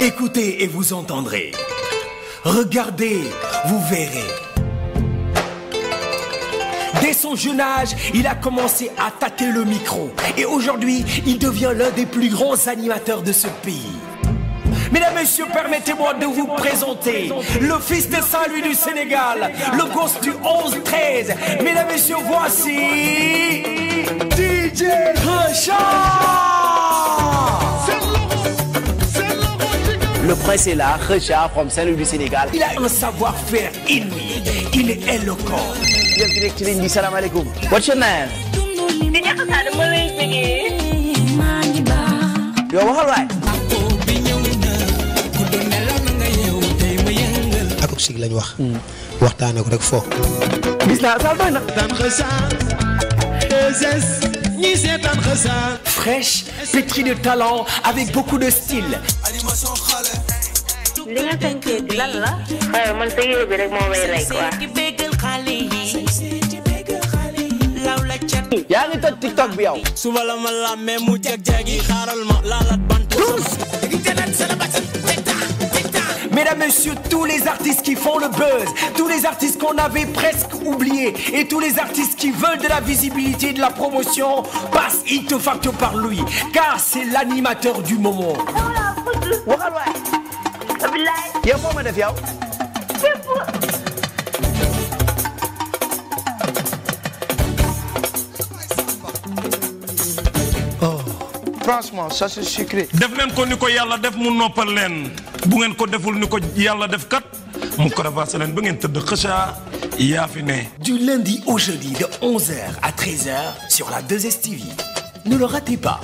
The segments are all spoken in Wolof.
Écoutez et vous entendrez. Regardez, vous verrez. Dès son jeune âge, il a commencé à tâter le micro et aujourd'hui, il devient l'un des plus grands animateurs de ce pays. Mesdames, Messieurs, permettez-moi de vous présenter le fils de Saint-Louis du Sénégal, le du Mesdames, Messieurs, voici DJ Kheucha. Le prince est là, Richard from Saint-Louis du Sénégal. Il a un savoir-faire inouï. Il est éloquent. yéen fi nekk ci ligne bi salaamaaleykum. what's your name. di Ndiakhate ma lay déggee. yow waxal waay. akuk sig lañ wax. waxtaanee ko rek foo. gis naa sax doy na. fraîche pétrie de talent avec beaucoup de style. li nga tënkee lan la. a ah, man sa yére bi rek moo may rey quoi. yaa ngi toj tiktok bi yow. suba la ma la mais mu jag jag yi xaaral ma laalat bant. Mesdames, Messieurs, tous les artistes qui font le buzz, tous les artistes qu'on avait presque oubliés et tous les artistes qui veulent de la visibilité et de la promotion passent ipto facto par lui, car c'est l'animateur du moment. yow moo ma def yow. franchement ça c'est sucré. def leen ko ni ko yàlla def mu noppal leen bu ngeen ko deful ni ko yàlla def kat mu cravaché leen ba ngeen tëdd xëcaa yaa du lundi au de 11h à 13h sur la 2STV ne le ratez pas.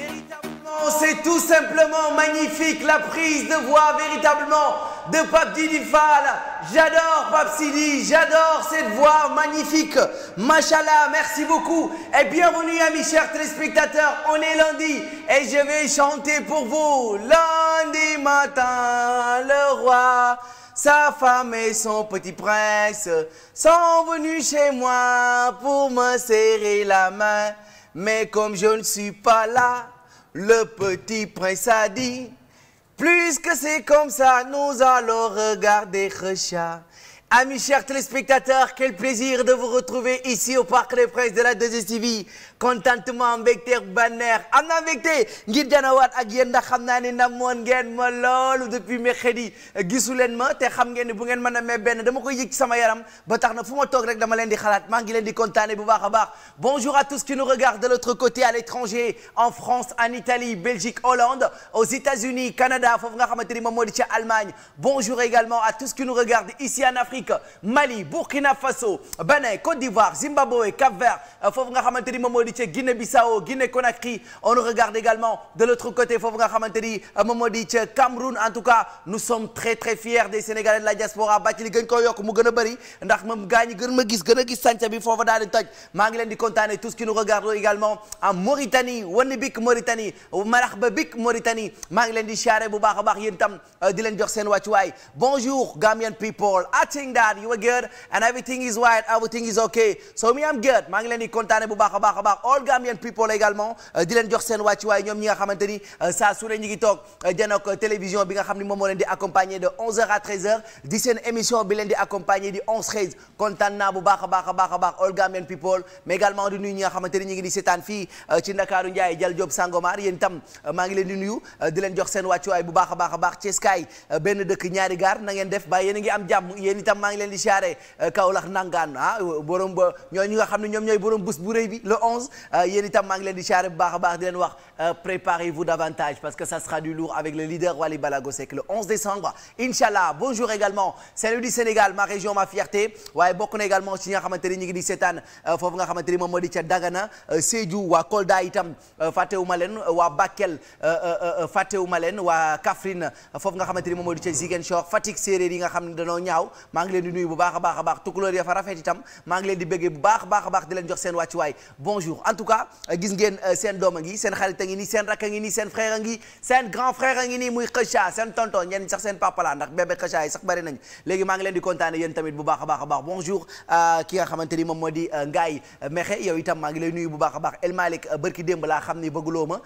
véritablement c'est tout simplement magnifique la prise de voix véritablement. de Pape Djibril Fall j'adore Pape Sidi j'adore cette voix magnifique machallah merci beaucoup et bienvenue à mes chers téléspectateurs on est lundi et je vais chanter pour vous lundi matin le roi sa femme et son petit prince sont venus chez moi pour me serrer la main mais comme je ne suis pas là le petit prince a dit Puisque c'est comme ça, nous allons regarder Kheucha. Amis chers téléspectateurs, quel plaisir de vous retrouver ici au Parc des Princes de la 2 contentement mbégteek banneex am na mbégte ngir janawaat ak yéen ndax xam naa ni namoon ngeen ma loolu depuis mercredi gisu leen ma te xam ngeen ni bu ngeen mën a mee benn dama koy yëg ci sama yaram ba tax na fu ma toog rek dama leen di xalaat maa ngi leen di kontaane bu baax a baax bonjour à tous qui nous regardent de l'autre côté à l'étranger en France en Italie Belgique Hollande aux États-Unis Canada foofu nga xamante ni moom moo di ci Allemagne bonjour également à tous qui nous regardent ici en Afrique Mali Burkina Faso Bénin Côte d'Ivoire Zimbabwe cap di ca Guinée Bissau Guinée Conakry on regarde également de l'autre côté foofu nga xamante ni euh, moom di ca Cameroun en tout cas nous sommes très très fiers des de la diaspora bàcc li gën koo mu gën a ndax ma gis gën a gis bi foofa daal di toj maa ngi leen di kontaane tous qui nous regardons également en Mauritanie Wanebik Mauritanie Maraxbabik Mauritanie maa ngi leen di bu baax a baax yéen tam euh, di leen jox seen wàccuwaay bonjour Gambian people a a revoir all Gambian people également euh, di leen jox seen wàccuwaay ñoom ñi nga xamante euh, saa su ne ngi toog janook euh, télévision bi nga xam ni moom leen di accompagner de 11h à 13 di seen émission bi leen di accompagner di 11 13 kontaan naa bu baax a baax a baax a baax all people mais également di nuyu ñi nga xamante ni ñu ngi seetaan fii ci Ndakaaru Ndiaye Jal Diop Sangomar yéen tam maa ngi leen di nuyu di leen jox seen wàccuwaay bu ba a ngi ah, bu rëy 14 euh, yéen itam maa ngi leen di siyaare bu baax a baax di leen wax euh, préparez-vous davantage parce que ça sera du lourd avec le leader Wally Balago Seck le décembre inchallah bonjour également salut du Sénégal ma région ma fierté waaye bokk également ci nga xamante ni ñu ngi di seetaan euh, foofu nga xamante ni moom Dagana Sédhiou waa Kolda itam fàttewuma leen waa Bakel fàttewuma leen waa Kaffrine foofu nga xamante ni moom moo di ca Ziguinchor Fatick séeréer nga xam ne dañoo a baax a baax tukulóor ya fa rafet a jours en tout cas euh, gis ngeen euh, seen doom a ngi seen xarit a ngi nii seen rakk a ngi nii seen frère a ngi seen grand frère a ngi nii muy xëcha seen tonton la a baax a euh, ni moom moo di Ngaye Mexe a baax El Malick bërki démb laa xam ni bëgguloo ma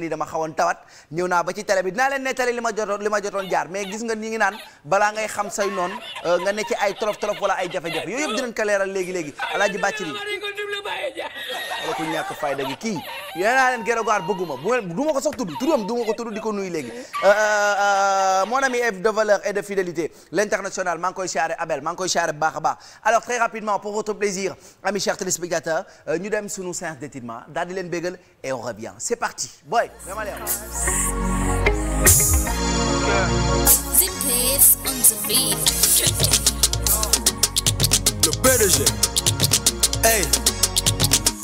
ni dama xawoon tawat ñëw naa ba ci télé bi dinaa leen nettali li ma jotoon jaar mais gis nga ñi ngi naan balaa ngay xam say noonu nga ne ay tolof tolof wala ay jafe-jafe yooyu yëpp dinañ ko leeral léegi léegi alaaji bàcci kii wala ku ñàkk fayda gi kii yéen naa leen Grégoire bëgguma bu du ma ko sax tudd turam du ma ko tudd di ko nuyu léegi euh, euh, euh, mon ami Eve de valeur et de fidélité l'international maa ngi koy siyaare Abel maa ngi koy siyaare bu baax a baax alors très rapidement pour votre plaisir amis chers téléspectateurs ñu dem sunu séance d'étirement daal di leen bégal et on revient c'est parti boy Le PDG Hey,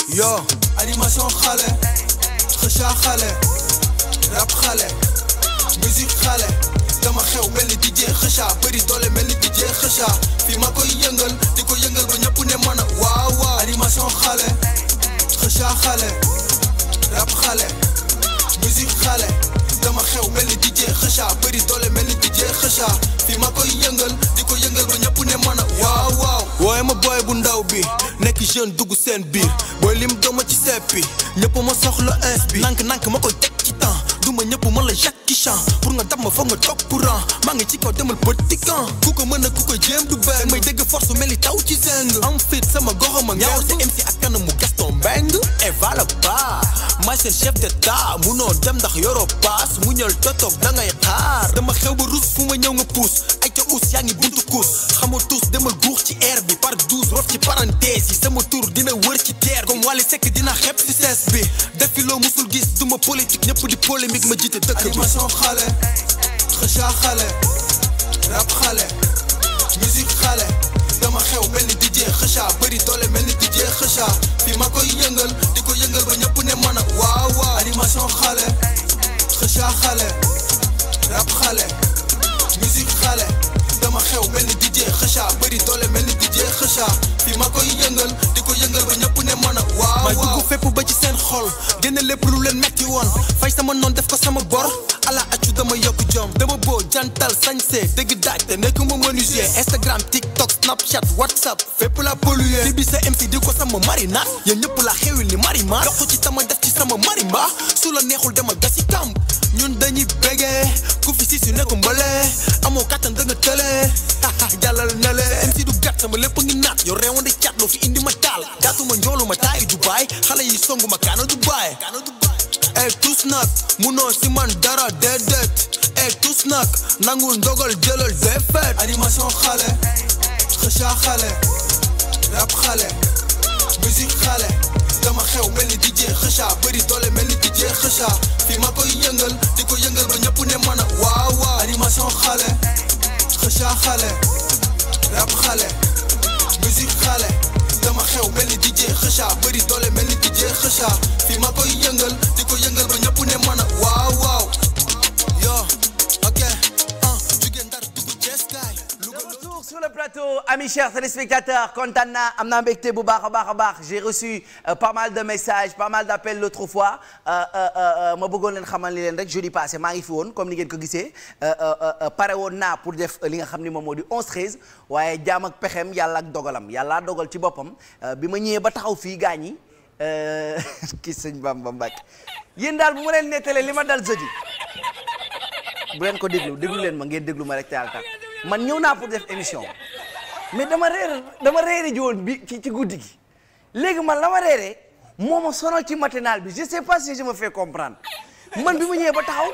yo, animation xale, xëcca xale, rap xale, musique xale, dama xew mel ni DJ xëcca bëri doole mel ni DJ xëcca fi ma koy yëngal di ko yëngal ba ñëpp ne man waaw waaw animation xale, xëcca xale, rap xale, musique xale. dama xew mel ni DJ Kheucha bëri doole mel ni DJ Kheucha fi ma koy yëngal di ko yëngal ba ñëpp ne man a waaw waaw wooye ma booy bu ndaw bi nekk jeune dugg seen biir booy lim dooma ci seppi ñëpp ma soxla ins bi nank nank ma koy teg ci temps duma ñëpp man la Jackie Chan pour nga dab ma foog nga toog courant maa ngi ci kaw demal petit camp ku ko mën a ku du bëgg may dégg force mel ni taw ci zeng am sama gox ma ñaaw te MC ak kanamu Gaston Mbengue Eva eh, la ba maay seen chef d'état munoo dem ndax yoroo paas mu ñël totoog da ngay xaar dama xew ba fu ma ñëw nga puus us yaa ngi buntu kuus xamoo tous demal guux ci air bi par douze rof ci parenthèse yi sama tur dina wër ci terre comme Wally Seck dina xeeb ci bi defi loo musul gis duma politique ñëpp di polémique ma jiite dëkk bi animation xale xëca xale rap xale xew mel ni DJ xëca bëri doole mel ni DJ xëca fi ma koy yëngal di ko yëngal ba ñëpp ne man a waaw waaw animation xale xëca xale rap xale DJ Kheucha bëri doole mel ni DJ Kheucha fi ma koy yëngal di ko yëngal ba ñëpp ne mën a waaw waaw seen xol génne lépp lu leen metti woon fay sama noon def ko sama bor ala accu dama yokk jom dama boo jantal sañse dëgg daaj te nekk ma menuisier Instagram TikTok Snapchat WhatsApp fépp la polluer si bi sa MC di ko sama marinade yéen ñëpp la xewil ni marima yokk ci tama def ci sama marimba su la neexul demal gasi kamp ñun dañuy bégee ku fi si su nekk mbële amoo kattan da nga tële jàllal na le MC du kat sama lépp ngi naat yow reewande cat loo fi indi ma taal daatuma njoolu ma taayi Dubaay xale yi songu ma kaana Dubaay ey eh, tus nag munoo si man dara déedéet ey eh, tus nag nangul ndogal jëlal défaite animation xale xëca xale rap xale musique xale dama xew mel ni DJ xëca bëri doole mel ni DJ xëca fi ma koy yëngal di ko yëngal ba ñëpp ne mana waaw waaw animation xale xëca xale rap xale musique xale dama xew mel ni DJ Kheucha bëri doole mel ni DJ Kheucha fi ma koy yëngal di ko yëngal ba ñëpp ne mën sur le plateau amis chers téléspectateurs kontaan na am na mbégte bu baax a baax a baax j'ai reçu euh, pas mal de messages pas mal d'appels l'autre fois euh, euh, ma bëggoon leen xamal ni leen rek jeudi passé maa ngi fi woon comme ni ngeen ko gisee pare woon naa pour def li nga xam ni moom moo di 11 13 waaye jaam ak pexem yàlla ak dogalam yàlla dogal ci boppam bi ma ñëwee ba taxaw fii gaañ yi kii sëñ Bamba Mbàkke yéen daal bu ma leen nettalee li ma dal jeudi bu leen ko déglu déglu leen ma ngeen déglu ma rek te man ñëw naa pour def émission mais dama réer dama réere ji woon bi ci ci guddi gi léegi man la ma réeree moo ma sonal ci matinal bi je sais pas si je me fais comprendre man bi mu ñëwee ba taxaw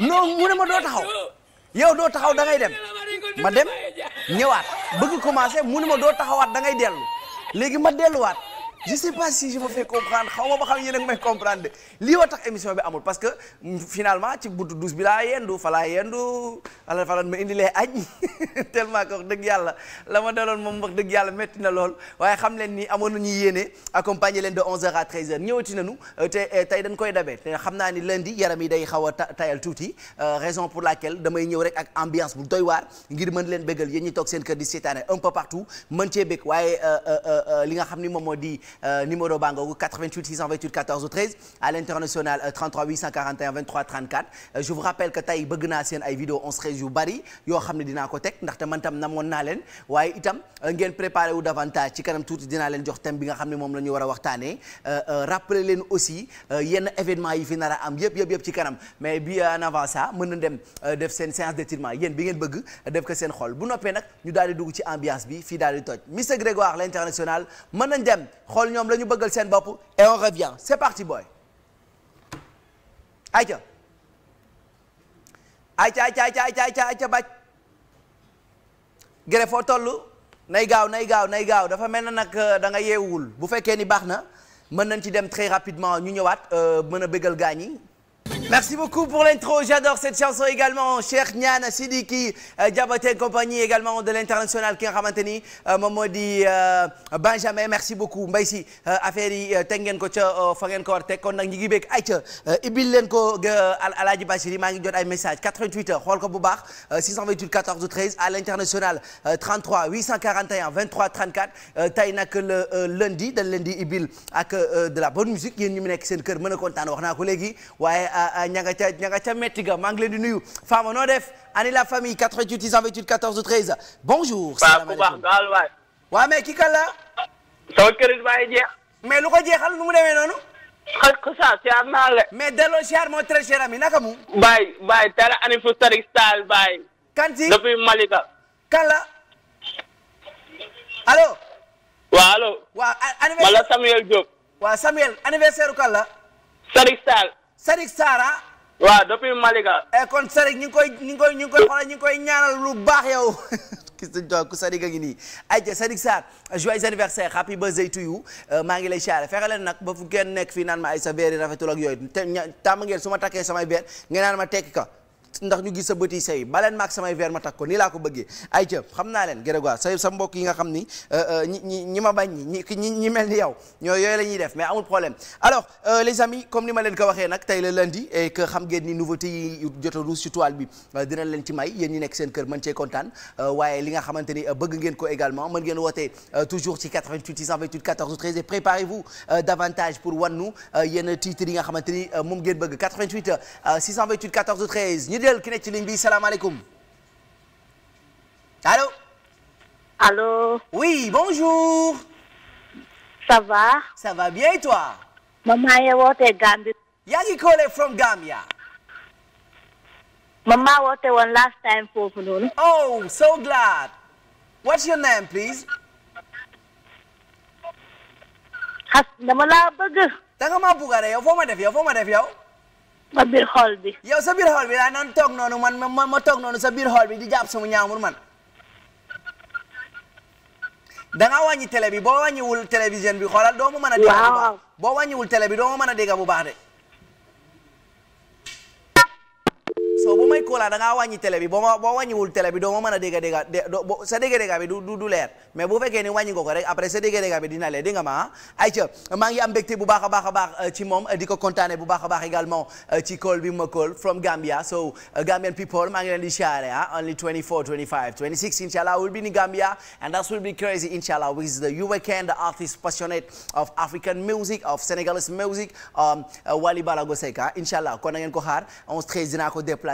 non mu ne ma doo taxaw yow doo taxaw da ngay dem ma dem ñëwaat bëgg commencé mu ne ma doo taxawaat da ngay dellu léegi ma delluwaat je sais pas si je me fais comprendre xaw ma ba xam yéen a may comprendre de lii wa tax émission bi amul parce que mm, finalement ci buntu douze bi laa yendu fa laa yendu ala falan ma indilee añ tellement que wax dëgg yàlla la ma daloon moom wax dëgg yàlla métti na lool waaye xam leen nii amoon nañu yéene accompagner leen de onze heures à treize heures ñëwati nañu euh, te euh, tey dañ koy dabee te xam naa ni lundi yaram yi day xaw a tayal tuuti euh, raison pour laquelle damay ñëw rek ak ambiance bu doy ngir mën leen bégal yéen ñi toog seen kër di seetaane un peu partout mën bég waaye li nga xam ni moom moo di Euh, numéro baa ngoogu 88 628 14 13 à l'international euh, euh, je vous rappelle que tey bëgg naa seen ay vidéo yu bari yoo xam ne dinaa ko teg ndaxte man tam namoon naa leen waaye itam ngeen préparé wu davantage ci kanam tuuti dinaa leen jox thème bi nga xam ne moom la ñu war a leen aussi yenn événement yi fi nar am yëpp yëpp yëpp ci kanam mais bi en avant ça mën na dem def seen séance d'étirement yéen bi ngeen bëgg def ko seen xol bu noppee nag ñu daal dugg xool ñoom la ñu bëggal seen bopp et on revient parti boy ayca ayca ayca ayca ayca ayca ayca baj foo toll nay gaaw nay gaaw nay gaaw dafa mel na nag euh, da nga yeewul bu fekkee ni baax na mën nañ ci dem très rapidement ñu ñëwaat euh, mën a bëggal gaañ yi Merci beaucoup pour l'intro. J'adore cette chanson également Cheikh Niane Sidiki euh, Diabaté compagnie également de l'international ki nga xamante ni moom euh, moo di euh, Benjamin merci beaucoup Mbaye si affaire yi teg ngeen ko ca fa ngeen ko war teg kon ñu ngi beeg ayca ibil leen ko Alaaji Bachiri maa ngi jot ay message 88 heures xool ko bu baax 628 14 13 à l'international 33 841 23 34 tey nag le lundi dañ leen di ibil ak de la bonne musique yéen ñu mu nekk seen kër mën a kontaan wax naa ko léegi ña nga ca ña nga ca di nuyu Fama noo def ani la famille 88 628 14 13 bonjour. salaamaaleykum waaw mais kii kan la. sama kërit baay jeex. mais lu ko jeexal nu mu demee noonu. xaj ko saa siyaar naa la. mais delloo siyaar moo très cher ami naka mu. Baye Baye tala ani fu sari style Baye. kan la allo. waaw allo. waaw anniversaire Mala Samuel Diop. waaw Samuel anniversaire kan la. sari Sadick Saara. waaw depuis Malika. Eh, kon Sadick ñu koy ñu koy ñu ngi koy xoolal ñu koy ñaanal lu baax yow. ki sa jox ku a ngi nii ayca Sadick Sarr joyeux anniversaire happy birthday to you euh, maa ngi lay siyaare fexe leen nag ba fu kenn nekk fi naan ma ay sa beer yi rafetul ak yooyu te ña tàmm ngeen su ma takkee samay beer ngeen naan ma tekki ka. ndax ñu gis sa bët yi sew baleen maak samay verre ma takk ko nii laa ko bëggee ay ca xam naa leen Grégoire sa sa mbokk yi nga xam ni euh, euh, ñi ma bañ ñi ñi mel ni yow ñoo yooyu la def mais amul problème alors euh, les amis comme ni ma leen ko waxee nag tey la lundi et que xam ngeen ni nouveauté yi jot a ci toile bi dinañ leen ci may yéen ñi nekk seen kër mën cee kontaan waaye li nga xamante bëgg ngeen ko également mën ngeen wootee toujours ci et préparez-vous jël ki ne ci ligne bi salaamaaleykum allô. allô. oui bonjour. ça va. ça va bien et ye woote Gambie. yaa ngi calling from Gambia. maman woote woon last time foofu noonu. oh so glad. what's your name please. xas dama laa bëgg. danga maa bugg a de yow foo ma def yow foo ma def yow. sa biir xool bi. yow sa biir xool bi daa noonu toog noonu man ma ma toog noonu sa biir xool bi di jàpp sama ñaamur man. da ngaa wàññi télé bi boo wàññiwul télévision bi xoolal doo ma mën a. dégg boo wàññiwul télé bi doo ma mën a dégg bu baax so bu may kóolaa da ngaa wàññi télé bi boo ma boo wàññiwul télé ma mën a dégg dégg de sa dégg dégg bi du du leer mais bu fekkee ko rek après bi dina leer dégg ma ah ayca maa ngi bu baax a baax a baax eh, ci moom eh, a eh, bi ma call from Gambia so Gambian people maa ngi leen ah, only inshallah will be in Gambia and that will be crazy inshallah with the Uweekend the artist passionate of African music um, ah, inshallah kon na ngeen ko xaar 11 13 dinaa ko déplacé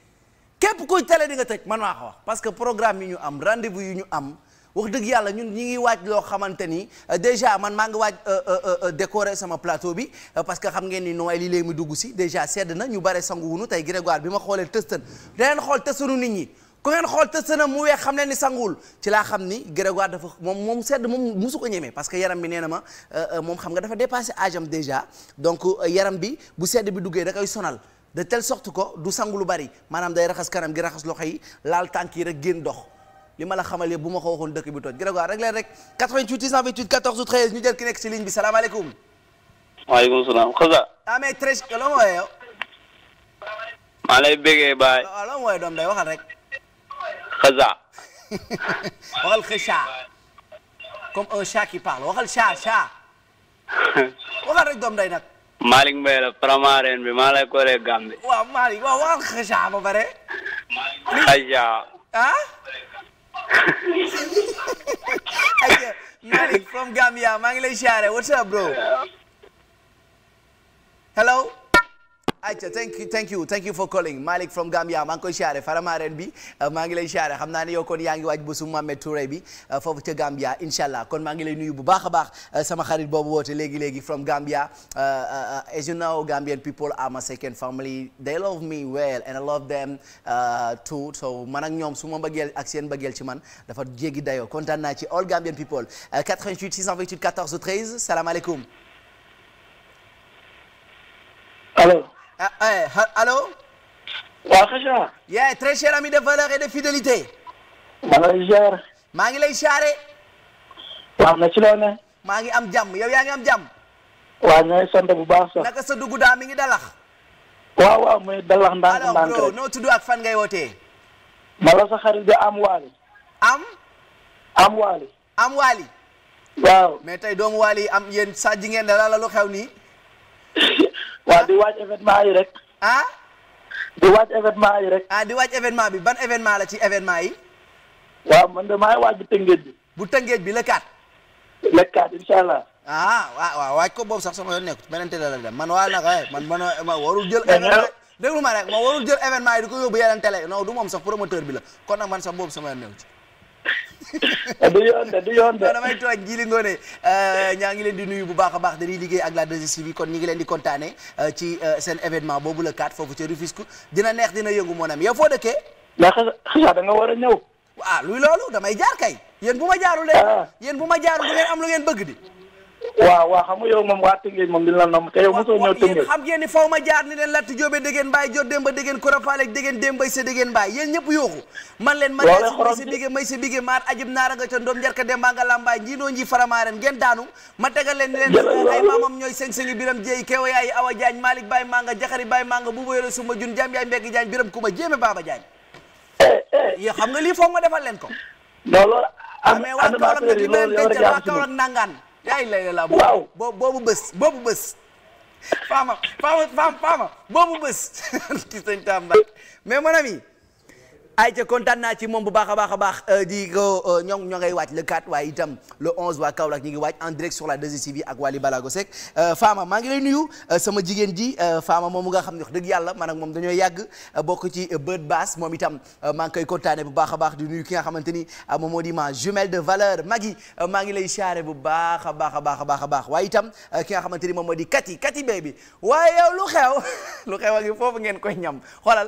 képp kuy télé di nga tëj man maa ko wax parce que programme yi ñu am rendez-vous yi ñu am wax dëgg yàlla ñun ñi ngi waaj loo xamante ni euh, déjà man maa ngi waaj euh, euh, décorer sama plateau bi parce que xam ngeen ni nooy lii léegi mu dugg si déjà sedd na ñu bare sangu wunu tey Grégoire bi ma xoolee tëstan da leen xool tëstanu nit ñi ku ngeen xool tëstanam mu weex xam leen ni sanguwul ci laa xam ni Grégoire dafa moom moom sedd moom musu ko ñemee parce que yaram bi nee moom xam nga dafa dépassé âge am donc yaram bi bu sedd bi duggee da koy sonal de telle sorte que du sangu lu bari maanaam day raxas kanam gi raxas loxo yi laal tànk yi rek génn dox li ma la xamalee bu ma ko waxoon dëkk bi toj Grégoire rek leen rek 88 628 14 nekk si ligne bi salaamaaleykum. waaleykum salaam Xaza. ah mais très loo ma wooyee yow. maa lay bégee day waxal rek. Xaza. waxal Xaza. comme waxal rek doom nag. Malick Mbaye la Faramareen bi maa lay koolee Gambie. waaw Malick waaw waaw xëcaa ba pare. xëcaa. ah. ayca Malick from Gambia maa ngi lay siyaare what's bro. hello. ayca thank you thank you thank you for calling Malick from Gambia maa ngi koy siyaare faramaren bi uh, maa ngi lay siyaare xam naa ne yow kon yaa ngi waaj bésu Mohamed Touré bi uh, foofu ca Gambia incha kon maa ngi lay nuyu bu baax a baax uh, sama xarit boobu woote léegi léegi from Gambia as you know Gambian people are my second family they love me well and I love them too so man ak ñoom su ma mbëggeel ak seen mbëggeel ci man dafa jéggi dayoo kontaan naa ci all Gambian people 88 628 14 13 salaamaaleykum. Ah, eh, allo. waaw Kheucha. yaa très cher ami de valeur et de fidélité. maa ngi lay ziar. maa ngi lay siyaare. waaw na ci loo maa ngi am jàmm yow yaa ngi am jàmm. waaw ñooy sant bu baax sax. naka sa dugg daa mi ngi dalax. waaw waaw muy dalax ndànk ndànk rek alors noo tudd ak fan ngay wootee. ma la sa xarit bi am waali. am. am waali. am waali. waaw mais waali am yéen saa ji ngeen ne ni waaw di waaj événement yi rek. ah. di waaj événement yi rek. ah di waaj événement bi ban événement la ci événement yi. waaw man de maay waaj bu tëngeej bi. bu tëngeej bi le 4. le 4 incha allah. ah waaw waaw waaj ko boobu sax sama yoon nekkul beneen télé la dem man waa nag eh, man man ma warul jël. événement déglu ma rek ma warul jël événement yi di ko yóbbu yeneen télé non du moom sax promoteur bi la kon nag man sax boobu sama yoon nekkul ci. du yoon de du yoon de non damay toog ji li ngoone euh, ñaa ngi leen di nuyu bu baax a baax dañuy liggéey ak la 2STV kon ñi ngi leen di kontaane euh, ci euh, seen événement boobu la 4 foofu ca Rufisque dina neex dina yëngu moo nam yow foo dëkkee mais xasa da nga war a ñëw ah luy loolu damay jaar kay yéen bu ma jaarul leen ah. yéen bu ma jaarul du ngeen am lu ngeen bëgg di waaw waaw xam moom waa Tëngéej moom dina la nam te yow mosoo ñëw Tëngéej xam ngeen ni faw ma jaar ni leen Latt Joobe déggeen mbaay jot démba déggeen korofaale déggeen démbay sa déggeen mbaay yéen ñëpp yooxu man leen man may sa bige may sa bige maat ajib naara nga con njarka demba nga lambaay njii noo nji faramaaren ngeen daanu ma tegal leen ni leen ay xam nga lii foog ma defal leen ko non loolu amee ah, waa Kaolack nga ci benn dencal waa nangaan yaa ngi lay la waaw boobu bés boobu bés. faama faama faama boobu bés. ci sëñ Tamba mais mon ami. ay ca kontaan naa ci moom bu baax a baax a baax euh, di ko ñoo euh, ñoo ngay waaj le 4 waaye itam le 11 waa Kaolack ñi en euh, ji Fama moom nga xam ne wax dëgg yàlla man ak moom dañoo yàgg bokk ci bët moom itam maa ngi koy bu baax a baax di ki nga xamante ni moom moo di ma jumelle de valeur Magui maa ngi lay xaare bu baax a baax a a baax baax waaye itam ki nga xamante ni moom moo di Kati Kati baby waaye yow lu xew lu xew a ngi foofu ngeen koy ñam xoolal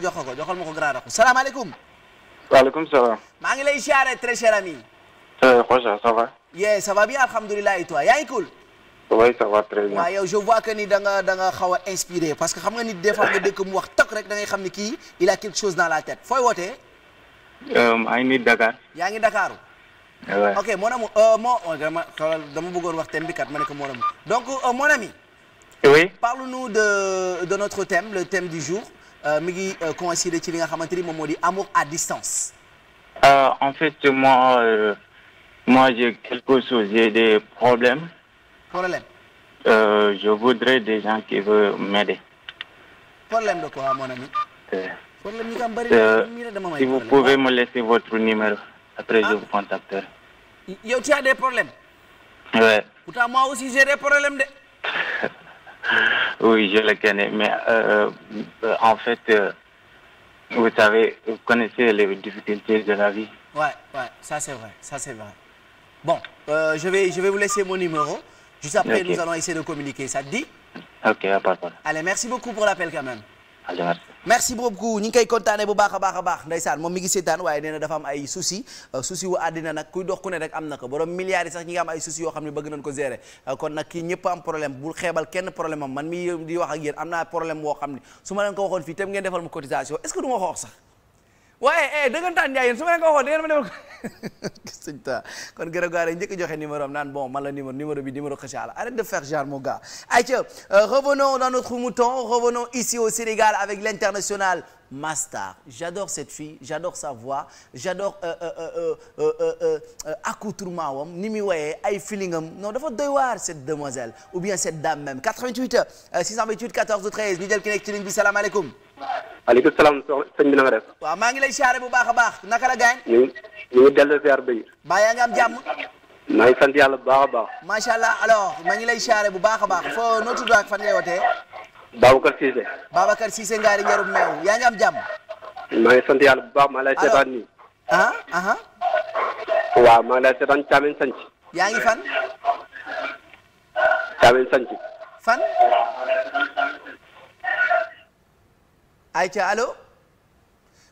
jox ko joxal ma ko grand rakk salaamaaleykum. salaam. maa ngi lay siyaare très cher ami. Kheucha eh, ça va. oui bien alhamdulilah et toi yaa ngi cool. oui bien. waaw je vois que ni da nga nga xaw a parce que xam nga nit des fois mu wax toog rek da ngay xam ni kii il a quelque chose dans la tête fooy wootee. Euh, maa ngi Dakar. yaa ngi Dakar. ok mon euh, oh, bëggoon wax thème bi ma ko mon ami donc euh, mon ami. oui. de notre thème le thème du jour. Euh, mi ngi euh, coïncider ci li nga xamante ni moom moo di amour à distance. Euh, en fait moi moi j'ai quelque chose j'ai des problèmes. problème. je voudrais des gens qui veulent m'aider. problème de quoi mon ami. na si vous pouvez me laisser votre numéro. après je ah. vous contacterai. yow tu as des problèmes. oui. pourtant moi aussi j'ai des problèmes de. oui, je le connais, mais euh, euh, en fait, euh, vous savez, vous connaissez les difficultés de la vie. Ouais, ouais, ça c'est vrai, ça c'est vrai. Bon, euh, je, vais, vous laisser mon numéro. Juste après, nous allons essayer de communiquer. Ça te dit Ok, à merci beaucoup pour l'appel quand même. merci beaucoup ñi ngi koy kontaane bu baax a baax a baax ndeysaan moom mi ngi seetaan waaye nee na dafa am ay souci euh, souci wu àddina nag kuy dox ku ne rek am na ko borom milliards yi sax ñi nga am ay souci yoo xam ne bëgg nañ ko gérer euh, kon nag kii ñëpp am problème bul xeebal kenn problème am man mi di wax ak yéen am naa problème woo xam ne su ma leen ko waxoon fii tam ngeen defal ma cotisation est-ce que sax waaye eh, dëggantaan jaay yéen su ma leen ko waxoon da ngeen ma demal ko sëñ ta kon gërëm gaa yi njëkk joxe numéro am naan bon man la numéro numéro bi numéro xëcc la arrête de faire genre mon gars ayca euh, revenons dans notre mouton revenons ici au Sénégal avec l'international Mastar j'adore cette fille j'adore sa voix j'adore euh, euh, accoutrement wam ni muy woyee ay feeling am non dafa doy waar cette demoiselle ou bien cette dame même 88 628 14 13 ñu jël ki nekk ci ligne bi salaamaaleykum maaleykum salaam sëñ bi na nga def. waaw maa ngi lay siyaare bu baax a baax naka la gaañ. ñu ngi ñu ngi dellu siyaar bi. baa yaa ngi am jàmm. maa ngi sant yàlla bu baax a baax. macha allah alors maa ngi lay siyaare bu baax a baax foo noo tudd ak fan ngay wootee. Babacar Cissé. Babacar Cissé ngaari njarum meew yaa ngi am jàmm. maa ngi sant yàlla bu baax maa ngi lay seetaan nii. ah ah. ah. waaw maa lay seetaan Thiamène Sanc. yaa ngi fan. fan. ayca alo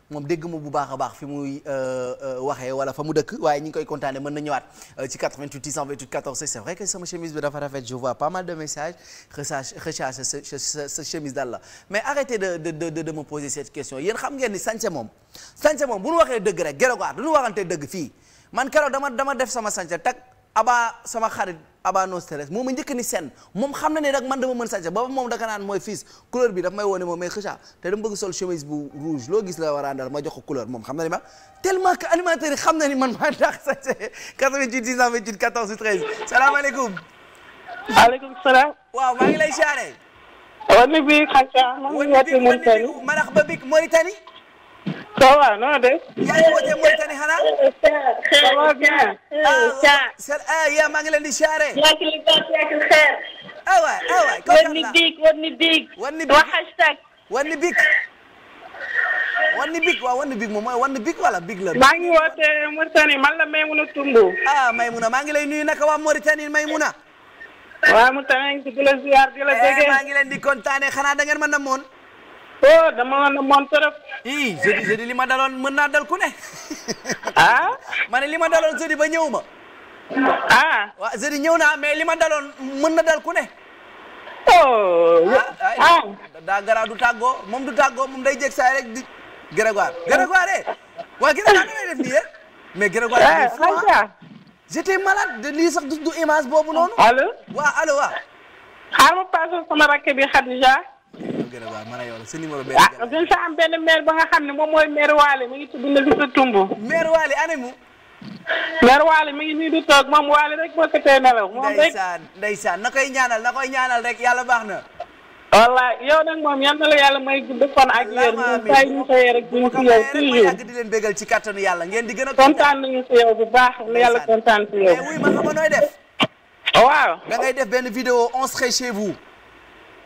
moom dégg ma bu baax a baax fi muy euh, euh, waxee wala fa mu dëkk waaye ñi ngi koy kontaane mën na ñëwaat euh, ci 88 628 14 c'est vrai que sama chemise bi dafa rafet je vois pas mal de messages recherche sa sa chemise daal mais arrêtez de de de de me cette question yéen xam ngeen ni sañse moom sañse moom bu ñu waxee dëgg rek gërëgoire du ñu waxante dëgg fii man keroog dama dama def sama sañse tag abaa sama xarit abano moom a njëkk ni sen moom xam na ne rek man dama mën sañse booba moom daka naan mooy fils couleur bi daf may woone moom mais xëca te dama bëgg sol chemise bu rouge loo la war a àndal ma jox ko couleur moom xam na ni ma tellement que animateur yi xam na ni man maa daax sañse 88 19 28 14 13 salaamaaleykum waaw maa lay siyaare wani bi xaca ma ngi woote Mauritanie manax ça va noo def. yaa ngi wootee Mauritanie xanaa. ça va bien. ah maa ngi leen di siyaare. aywa aywa. wani big wani big. wani big wa hashtag. wani big. wani big waaw wani big moom mooy wani big wala big la. maa ngi wootee Mauritanie man la Maymuna Tumbu. ah Maymuna maa ngi lay nuyu naka waa Mauritanie Maymuna. waaw eh, Mauritanie di la ziar di la. dégg maa ngi leen di kontaane xanaa da ngeen ma namoon. oh dama na moon trop. ii jeudi jeudi li ma daloon mën naa dal ku ne. ah. ma ne li ma daloon jeudi ba ñëw ma. ah. waaw jeudi ñëw naa mais li ma daloon mën na dal ku ne. oh. ah, ah. gara du tàggoo moom du tàggoo moom day jeg saa rek di. Grégoire Grégoire eh. waa Grégoire da def nii yéen. Eh. mais Grégoire da eh, ngay ah. j'étais malade de lii sax du image boobu noonu. allo waaw allo waaw. xaaral ah, ma paase sama rakk bi Khadija. a man a yow la sa numéro benn ah, ah dañ fa am benn maire ba nga xam ne moom mooy maire Waly mi ngi tudd Ndouga Tumbu maire Waly ane mu maire Waly mi ngi nii di toog moom Waly rek moo ko tee nelaw moom rek ndeysaan ndeysaan na koy ñaanal na koy ñaanal rek yàlla baax na wallaay yow nag moom yal na la yàlla may gudd fan ak yéen ñun saa ñu ñu si yow toujours di leen bégal ci kattanu yàlla ngeen di gën a kontaan nañu si yow bu baax yàlla kontaan si yow wuy da ngay def benn vidéo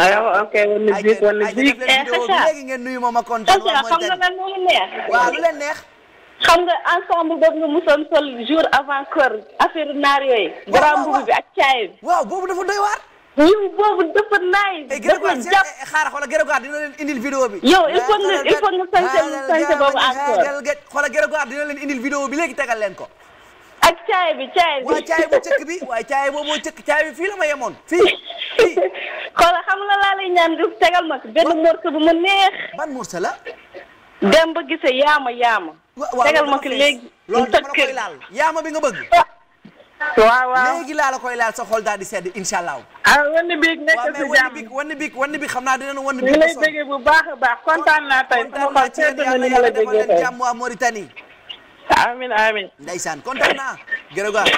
aywa ok woon na zik woon na zik. léegi ngeen nuyu ma ma kontaan. xam nga lan moo neex. waaw lu leen neex. xam nga ensemble boobu nga musoon sol jour avant kër affaire naar yooyu. grand mbubb bi ak caay bi. waaw boobu dafa doy waar. yow boobu dafa naay. dafa jàpp xaar xoola Grégoire dina leen indil vidéo bi. yow il faut nga il faut nga sañse sañse boobu encore. xoola Grégoire dina leen indil vidéo bi léegi tegal leen ko. ak bi caay bi. waaw caay bu bi waaye caay moo cëkk caay bi fii la ma yemoon fii fii. xoolal xam nga laa lay ñaan di tegal ma benn morceau bu ma neex. ban morceau la. dem ba gisee yaama yaama. tegal ma ko bi nga bëgg. waaw waaw léegi laa la koy laal sa xol daal di sedd incha allah. ah xam naa dinañ wan a baax kontaan naa tey. amin amin ndeysaan kontaan naa gërëm wax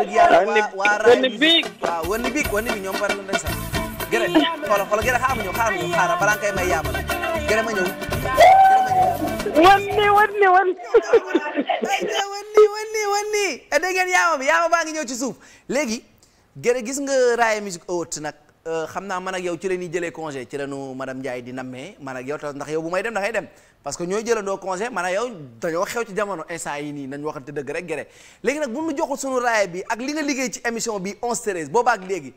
dëgg yàlla waa waa raay bi waaw wane bi wane bi ñoom pare la ndeysaan gërë xoolal xoolal gërë xaaral ma ñëw xaaral ma ma ñëw wanni wanni wanni wanni wanni yaama baa ngi ñëw ci suuf léegi gërë gis nga Raaya Musique Awards nag eh, xam naa man ak yow ci la ñuy jëlee congé ci la ñu madame Ndiaye di nammee man ak yow tax ndax yow bu may dem dafay dem parce que ñooy jëlandoo man a yow dañoo xew ci jamono instant yi nii nañ waxante dëgg rek gere léegi nag bu ñu joxul suñu raaya bi ak li nga liggéey ci émission bi 11 13 boobaa ak léegi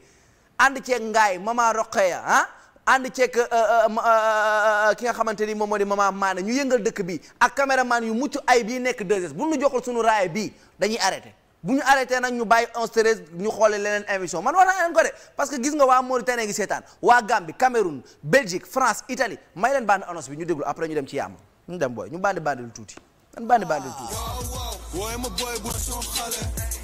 ànd ceeg ngaay mama Roqeya ah ànd ceeg euh, euh, euh, ki nga xamante ni moom moo di maa Maane ñu yëngal dëkk bi ak caméraman yu mucc ay bii nekk 2S bu ñu joxul suñu raaya bi dañuy arrêté bu ñu arrêté nag ñu bàyyi 11 13 ñu xoolee leneen émission man wax naa ko de parce que gis nga waa Mauritanie ngi seetaan waa Gambie Cameroun Belgique France Italie may leen bande annonce bi ñu déglu après ñu dem ci yàmm ñu dem booy ñu bandi bandi lu tuuti man bandi bandi lu tuuti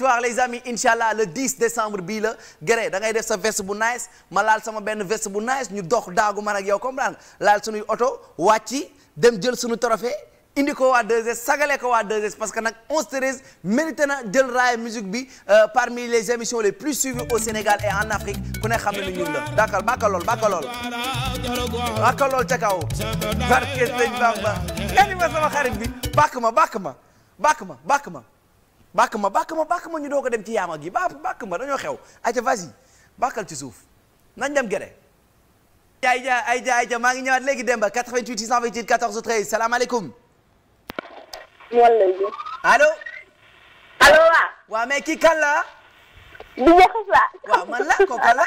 victoire les amis incha allah le 10 décembre bii la gëré da ngay def sa veste bu nice ma laal sama benn veste bu nice ñu dox daagu ma ak yow comprendre laal sunuy oto wàcci dem jël suñu trophée indi ko waa 2 sagale ko waa 2 parce que nag 11 13 mérité na jël raaya musique bi euh, parmi les émissions les plus suivies au Sénégal et en Afrique ku ne xam ne ni ñun la d'accord bàkkalool bàkkalool bàkkalool ca kaw barke sëñ Bamba indi ma sama xarit bi bàkk ma bàkk ma bakk ma bàkk ma bàkk ma bàkk ma bàkk ma ñu doo ko dem ci yaama gi ba bàkk ma dañoo xew ayca vas-y bàkkal ci suuf nañ dem gere ay ja ay ja ja maa ngi ñëwaat léegi Demba 88 628 14 13 salaamaaleykum maaleykum allo allo waaw waaw mais kii kan la DJ Kheucha waaw man la ko kan la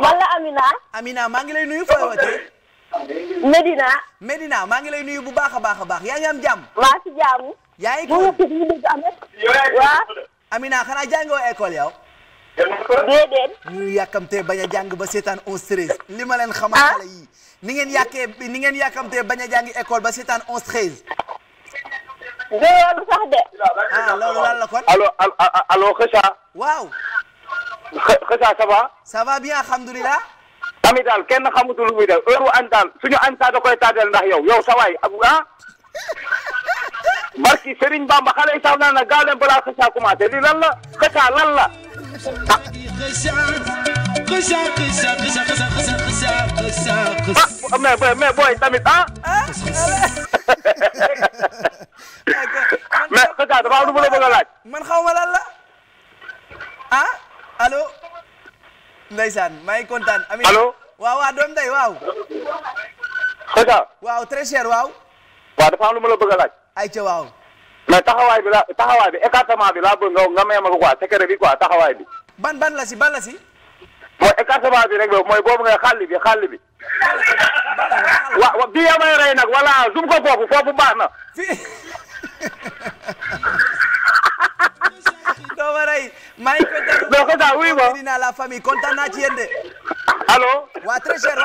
man la Amina Amina maa ngi lay nuyu fooy wootee Medina Medina maa ngi lay nuyu bu baax a baax a baax yaa ngi am jàmm maa si jàmm yaa ngi école Amina xanaa jàngoo école yow. déedéet. ñu yàkkamtee bañ a jàng ba seetaan onze li ma leen xamal ah? xale yi. ni ngeen yàkkee ni ngeen yàkkamtee bañ a ba seetaan onze treize. déedéet sax de. ah loolu lan la kon. allo allo alhamdulilah. Ami daal kenn xamutu lu muy añ daal suñu añ saa da koy ndax yow yow sa waay ah. barki Serigne Bamba xale yi tax na na gaaw leen balaa xëcaa commencé lii lan la xëcaa lan la ah. ah mais booy mais booy tamit ah. mais xëcaa dafa am lu ma ah allo. Ndeysaan maa ngi kontaan. allo Amina waaw waaw doom waaw. xëcaa. waaw. waaw dafa am lu ma la ay ca waaw. taxawaay bi la taxawaay bi écartement bi laa bëgg nga nga ma ko quoi secret bi quoi taxawaay bi. ban ban la si ban la si. mooy écartement bi rek la mooy boobu nga xàll bi xàll bi. wa wa bii rey nag voilà zoom ko foofu foofu baax na. doo ma rey maa ngi kontaan. la famille kontaan naa ci yéen de. waa très cher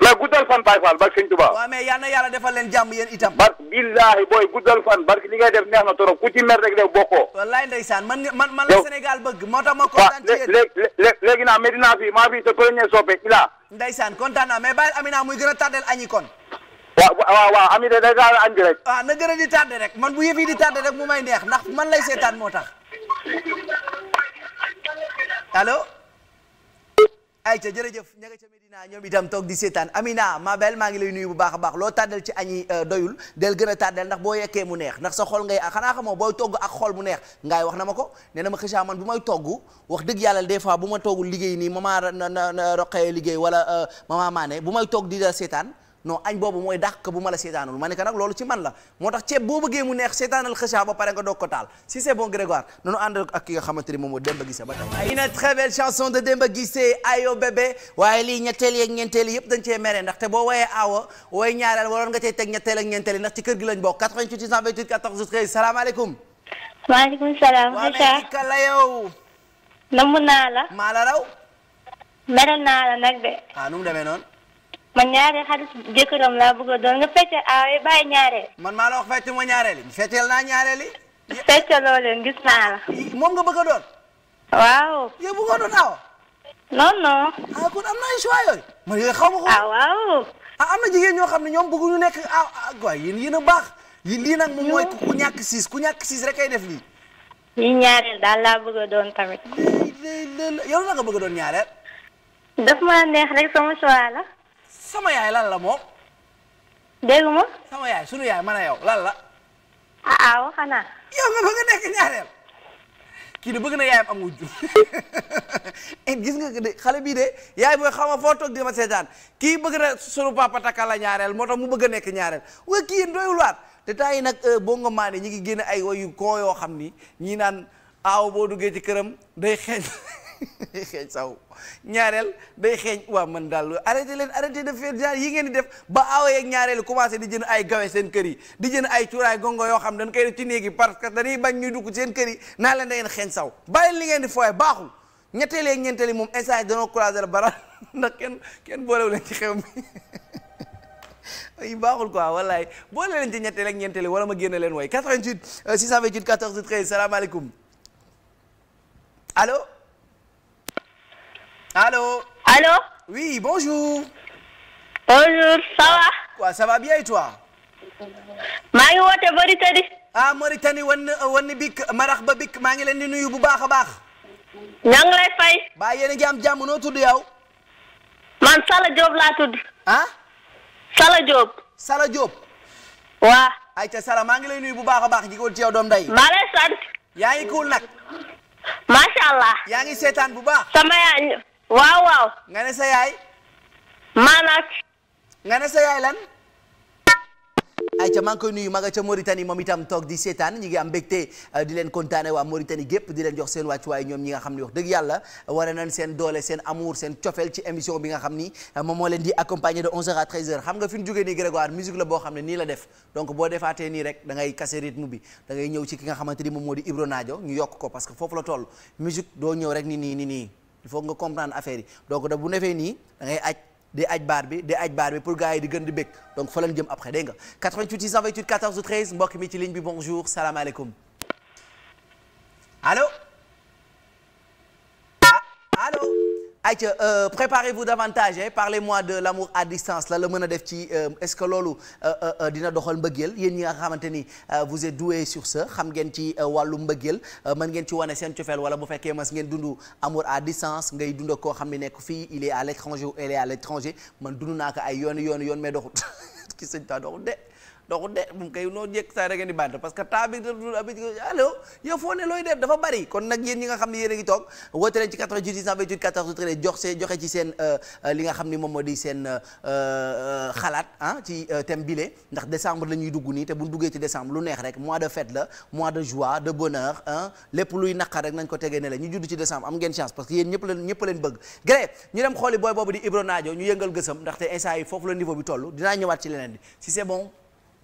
mais guddal fan Baye Fall barke sëñ leen jàmm yéen itam. barke billaahi booy guddal fan barke li ngay man man ma kontaan ci yéen. léegi léegi léegi naa Medina fii maa fi sa premier kontaan naa mais Baye Amina muy gën a tardel añi kon. waaw waaw waaw Amina day daal añ bi rek. waaw ah, na di tardé rek man bu yëf yi di tardé rek mu may neex ndax man lay seetaan moo tax allo. ay ca jërëjëf ña nga ca Amina ñoom itam toog di seetaan Amina ma belle maa ngi lay nuyu bu baax a baax loo tàddal ci añi euh, doyul del gën a tàddal ndax boo yekkee mu neex ndax sa xol ngay xanaa xamoo booy togg ak xol mu neex ngaay wax na ma ko nee na ma xëcaa man bu may togg wax dëgg yàlla des fois bu ma toggul liggéey nii ma mama roqee liggéey wala euh, mama maane bu may togg di la seetaan non añ boobu mooy dàq bu ma la seetaanul ma ne ko nag loolu ci man la moo tax ceeb boo bëggee mu neex seetaanal xëca ba pare nga doog ko taal si c'est bon Grégoire nanu ànd ak ki nga xamante moom moo Demba Guissé ba tey une très belle chanson ayo bébé waaye lii ñetteel yeeg ñeenteel yëpp dañ cee mere ndaxte boo woyee awa wooy ñaareel waroon nga cey teg ñetteel ak ñeenteel yi ndax ci kër gi lañ bokk 88 628 14 13 salaamaaleykum maaleykum salaam xëca la yow namu naa la maa la raw mere naa ah, nu mu demee noonu man ñaareel xalis jëkkëram laa bëgg a doon nga fecceel aawee ah, eh, bàyyi ñaareel. man maa la wax fecc ma ñaareel yi fecceel naa ñaareel yi. leen gis naa moom nga bëgg a doon. waaw. yow bëggoo doon aaw. non non. ah kon am na ay choix yooyu. xaw ma ko. ah waaw. ah am na jigéen ñoo xam ne ñoom bëgguñu nekk ah ah waaye yéen yéen a baax. yéen lii nag moom mooy ku ñàkk siis ku ñàkk siis rek ay def lii. yi ñaareel daal laa bëgg a doon tamit. yow la nga bëgg a doon ñaareel. daf maa neex rek sama choix la. sama yaay lan la moom. dégguma. sama yaay sunu yaay man a yow lan la. ah ah waxanaa. yow nga bëgg a nekk ñaareel. kii de bëgg na yaayam am wujju et gis xale bii de yaay booy xaw ma foo toog di ma seetaan kii bëgg na sunu papa takka la ñaareel moo tax mu bëgg a nekk ñaareel waa kii yéen doyul waat te temps yi nag euh, boo nga maane ñi ngi génn ay wayu koo yoo xam ni ñii naan aaw boo duggee ci këram day xeeñ. day xeeñ saw ñaareel day xeeñ waa man daal arrêté leen arrêté de faire genre yi ngeen di def ba aawee ak ñaareel commencé di jënd ay gawe seen kër yi di jënd ay cuuraay gongo yoo xam dañ koy def ci néeg yi parce que dañuy bañ ñuy dugg seen kër yi naa leen da ngeen xeeñ saw bàyyi li ngeen di fooye baaxul ñetteel ak ñeenteel yi moom instant danoo croiser baral ndax kenn kenn boolewu leen ci xew mi yi baaxul quoi wallaay boole leen ci ñetteel ak ñeenteel wala ma génne leen wooy 88 628 14 13 salaamaaleykum allo Allô Allô Oui, bonjour. Bonjour, ça va Quoi, ça va bien et toi maa ngi woote Mauritanie. ah Mauritanie wan wan bik marax ba bik maa ngi leen di nuyu bu baax a baax. ña ngi fay. ba yéen a ngi am jàmm tudd yow. man Sala Diop laa tudd. ah. Sala Diop. Sala Diop. waa. ayca Sala maa ngi lay nuyu bu baax a baax ñu ngi ci yow doom day. maa lay yaa ngi kuul nag. macha yaa ngi seetaan bu baax. sama yaa waaw waaw. nga ne sa yaay. maanaam. nga ne sa yaay lan. ayca maa ngi nuyu maga ca Mauritanie moom itam toog di seetaan ñu am mbégte euh, di leen kontaane waa Mauritanie gépp di leen jox seen wàccuwaay ñoom ñi nga xam ne wax dëgg yàlla wane nañ seen doole seen amour seen cofeel ci émission bi nga xam ni euh, moom moo leen di accompagner de 11h à 13h xam nga fi ñu jógee nii Grégoire musique la boo xam ne nii la def donc boo defaatee nii rek da ngay casser rythme bi da ngay ñëw ci ki nga xamante ni moom moo di Ibro Nadio ko parce que foofu la toll musique doo ñëw rek ni ni il faut nga comprendre affaire yi donc da bu defee nii da ngay aj di aj baar bi di aj baar bi pour gars yi di gën di bég donc fa lañ jëm après dégg nga 88 628 14 13 mbokk mi ci ligne bi bonjour salaamaaleykum allo. ay ayca euh, préparez-vous davantage parlez-moi de l'amour à distance la la mën a def ci euh, est-ce que loolu euh, dina doxal mbëggeel yéen ñi nga xamante ni vous êtes doué sur ça xam ngeen ci wàllu mbëggeel mën ngeen ci wane seen cofeel wala bu fekkee mas ngeen dundu amour à distance ngay dund koo xam ne nekk fii il est à l'étranger ou elle à l'étranger man dund naa ko ay yoon yoon yoon mais doxut ci sëñ ta doxut de donc de moom kay noo jekk saa rek di bant parce que temps bi abi allo yow foo ne looy def dafa bari kon nag yéen ñi nga xam ne yéen a ngi toog woote leen seen euh, euh, li nga xam ni moom moo di seen euh, xalaat ah ci thème bile ndax décembre la dugg nii te bu ñu duggee ci décembre lu neex rek mois de fête la mois de joie de bonheur ah lépp luy naqar rek nañ ko tegee ne la ñu judd ci décembre am ngeen chance parce que yéen ñëpp leen ñëpp bëgg gré ñu dem xooli booy boobu foofu la niveau dinaa ñëwaat ci leneen bi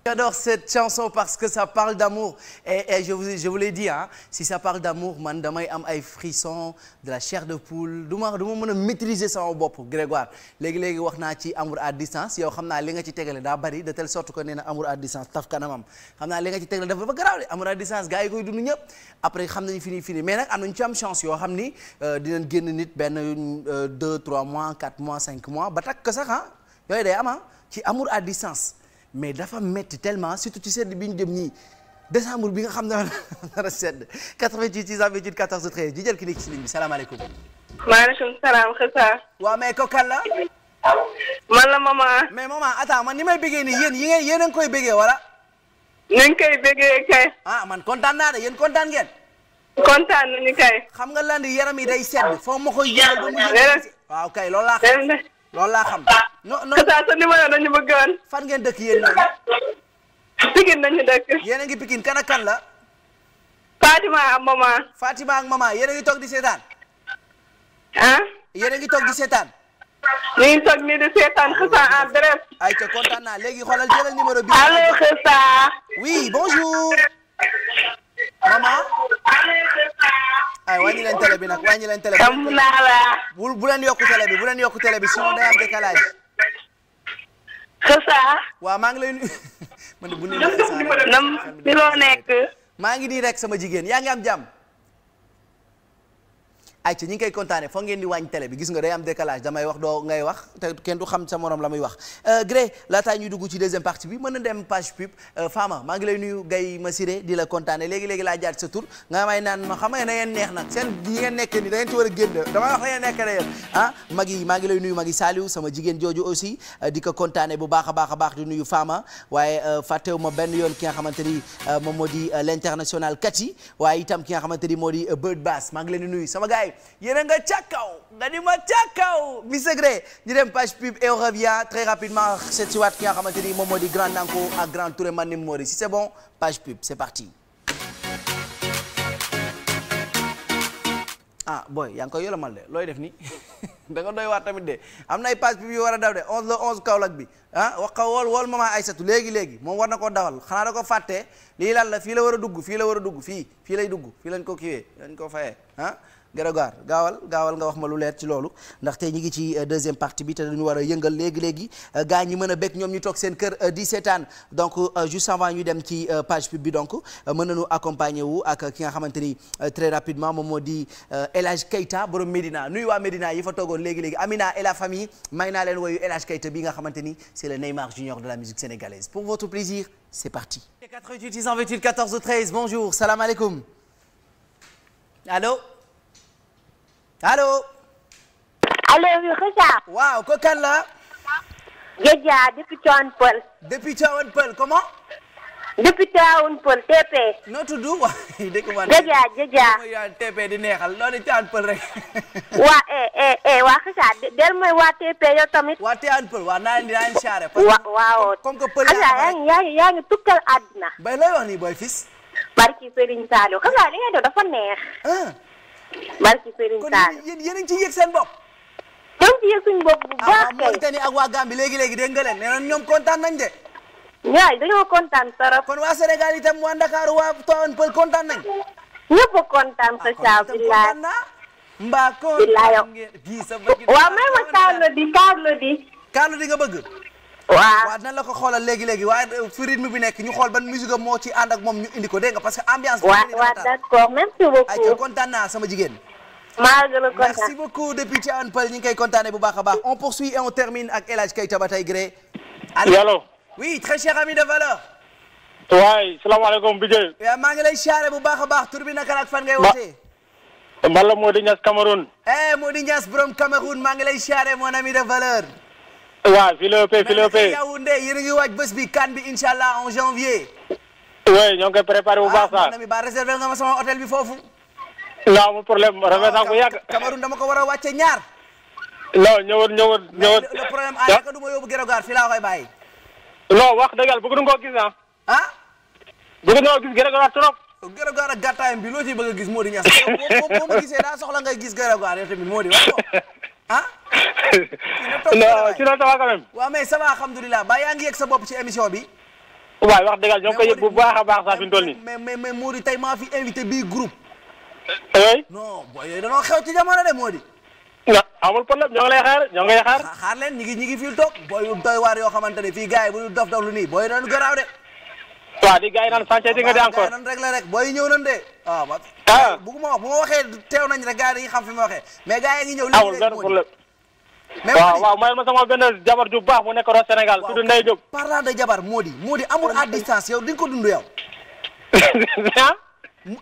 J'adore cette chanson parce que sa parle d'amour et, je vous je si sa parle d'amour man damay am ay frissons de la chair de poule du ma du ma mën a maîtriser sama bopp Grégoire léegi-léegi wax naa ci amour à distance yow xam naa li nga ci tegale daa bari de telle sorte que nee na amour à distance taf kanamam xam naa li nga ci tegale dafa garaaw de amour à distance gars yi koy dund ñëpp après xam nañu fini fini mais nag am nañu ci am chance yoo xam ni euh, dinañ génn nit benn euh, deux trois mois quatre mois cinq mois ba takk sax ah yooyu day am ah, ci mais dafa metti tellement surtout ci sedd bi ñu jëm nii décembre bi nga xam na dara sedd 88 628 14 13 di jël ki nekk ci ligne bi salaamaaleykum. maaleykum salaam xësa. waaw mais ko kan la. man la maman. mais man ni may bëggee nii yéen yi ngeen yéen a ngi koy bëggee wala. ñu ngi koy bëggee kay. ah man kontaan naa de yéen kontaan ngeen. kontaan nañu kay. xam nga lan yaram yi day sedd. fo ma koy yéeral ba mu yéeral. waaw kay loolu loolu laa xam. non non Kasa sa numéro dañu bëggoon. fan ngeen dëkk yéen ñoom. Pikine nañu dëkk. yéen a ngi Pikine kan ak kan la. Fatima ak maman. Fatima ak maman yéen a ngi toog di seetaan. ah. yéen a ngi di seetaan. ñu ngi toog nii di seetaan Kasa en direct. ayca kontaan naa léegi xoolal jëlal numéro bi. allo Kasa. oui bonjour. maman. ay wàññi leen télé bi nag wàññi leen télé bi. am la. bu bu leen yokku télé bi bu leen yokku télé bi sinon day am décalage. xësaa. waaw maa ngi lay nuyu. man de bu ñu nee xësaa rek. nam mi loo nekk. maa ngi nii rek sama jigéen yaa ngi am jàmm. ayca ñi ngi koy kontaane ngeen di wàññi télé bi gis nga day am décalage damay wax doo ngay wax te kenn du xam sa morom la muy wax euh, Gré laataa ñuy dugg ci deuxième partie bi mën na dem page pub euh, Fama maa ngi lay nuyu Gaye Massiré di la kontaane léegi-léegi laa jaar sa nga may na ngeen neex nag seen ñi ngeen nekkee ni da ngeen ci a génn damay ah, maa ngi lay nuyu magi Saliou sama jigéen jooju aussi euh, di ko kontaane bu baax a baax a baax di nuyu Fama waaye fàttewu ma benn yoon ki nga xamante ni moom moo di l'international kat yi waaye itam ki nga xamante ni moo di Bird Bass maa ngi leen di nuyu sama gaay yéen a nga ca kaw nga ni ma ca kaw mi Gré ñu dem page pub et on revient très rapidement seet si waat ki nga xamante ni moom moo di grande Nanko ak Grand Touré Manim Mori si c'est bon page pub c'est parti ah boy yaa ngi koy yolomal de looy def ni da nga doy waar tamit de am na ay page pub yu war a daw de onze le onze Kaolack bi ah waqa wool wool mama satu léegi léegi moom war na koo dawal xanaa da ko fàttee lii lan la fii la war a dugg fii la war a dugg fii fii lay dugg fii lañ ko kiiwee lañ ko fayee ah? Grégoire gaawal gaawal nga wax ma lu leer ci loolu ndax tey ñu ngi ci euh, deuxième partie bi te dañu war a yëngal léegi léegi euh, gaa ñi mën a bekk ñoom ñu toog seen kër euh, di seetaan donc juste avant ñu dem ci page pub bi donc mën nañu accompagner wu ak ki nga xamante ni très rapidement moom moo di El Hadj Keita borom Médina nuyu waa Médina yi fa toogoon léegi léegi Amina et la famille may naa leen woyu El Hadj Keita bi nga xamante ni c'est le Neymar junior de la musique allo. allo. waaw ko kan la. Géja depuis Thiawane Pël. depuis Thiawane Pël comment. depuis Thiawane Pël TP. noo tudd waaye dëgg man. Géja Géja. yaa TP di neexal loolu Thiawane Pël rek. waa eh eh waa Xisa del mooy waa TP yow tamit. waa Thiawane Pël waaw naa leen di naa leen siyaare. wa waaw comme que Pël yaa ngi yaa ngi yaa ngi tukkal àddina. bay lay wax nii booy fis. barki Serigne Saliou xam nga li ngay def dafa neex. barki Serigne Sall kon yéen a ngi ciy yëg seen bopp. ñoo ngi ciy yëg bu ah, baax kay ak waa Gambie léegi léegi dégg nga leen nee nañ ñoom kontaan nañ de. ñaay dañoo kontaan trop. kon waa Sénégal itam waa waa Tivaouane Peulh kontaan nañ. ñëpp kontaan ah, sa saa billaay. mbaa kontaan ngeen. billaay waaw may ma Carlou D Carlou D. Carlou nga bëgg. waaw waaw dina la ko xoolal léegi-léegi waaye fi rythme bi nekk ñu xool ban musique moo ci ànd ak moom ñu indiko ko dégg nga parce que ambiance bi waaw waaw d'accord merci beaucoup ay kontaan naa sama jigéen maa gën a kontaan merci beaucoup depuis Tivaouane Peulh ñu ngi bu baax a baax on poursuit et on termine ak El Hadj Keita ba tey gré allo oui très cher ami de valeur waay salaamaaleykum Bijé waaw maa ngi lay charé bu baax a baax tur bi naka la e fan ngay wootee man la Mody Niass Cameroun eh Mody Niass borom Cameroun maa ngi lay siyaare mon ami de valeur waaw Philippe Philippe Yaoundé yéen ngi waaj bés bi kan bi incha allah en janvier. oui ñoo ngi koy préparé bu baax ah, sax. ah ba réservé nga ma sama hôtel bi foofu. non amul problème ah, rafet naa ko yàgg. Cameroun dama ko war a wàcce ñaar. non ñëwoon ñëwoon ñëwoon. le problème ah naka du ma yóbbu Guérégaar fii laa koy bàyyi. non wax dëgg yàlla bëgg nañu koo gis na ah. ah? bëgg nañoo gis Guérégaar trop. Guérégaar ak gàttaayam bi loo ciy bëgg a gis Mody Niass boo boo ma gisee daa soxla ngay gis Guérégaar yow tamit ah. sinon ça va quand même. waaw mais ça va alhamdulilah ba yaa ngi yegg sa bopp ci émission bi. waay wax dëgg ñoo ngi koy yëg bu baax a baax sax fi mu toll nii. mais mais mais Mody tey maa fi invité bii groupe. oui. non booy yooyu dañoo ci jamono de Mody. nga amul problème ñoo ngi a xaar ñoo ngi lay xaar. xaar leen ñi ngi ñi ngi fi toog yu doy waar yoo xamante ne fii gars yi bu ñu dof dof nii booy dan doon de. waaw di gars yi naan sànq di nga di encore waaw rek la rek booy yi ñëw nañ de ah, ah bu ma wax bu ma waxee teew nañ rek gars yi xam fi ma waxee mais gars yi ngi ñëw. amul benn problème waaw waaw mayal ma sama benn jabar ju baax bu nekk ro Sénégal tudd Ndeye Diop. parlant de jabar moo di moo di amour à distance yow di nga ko dund yow. Ah?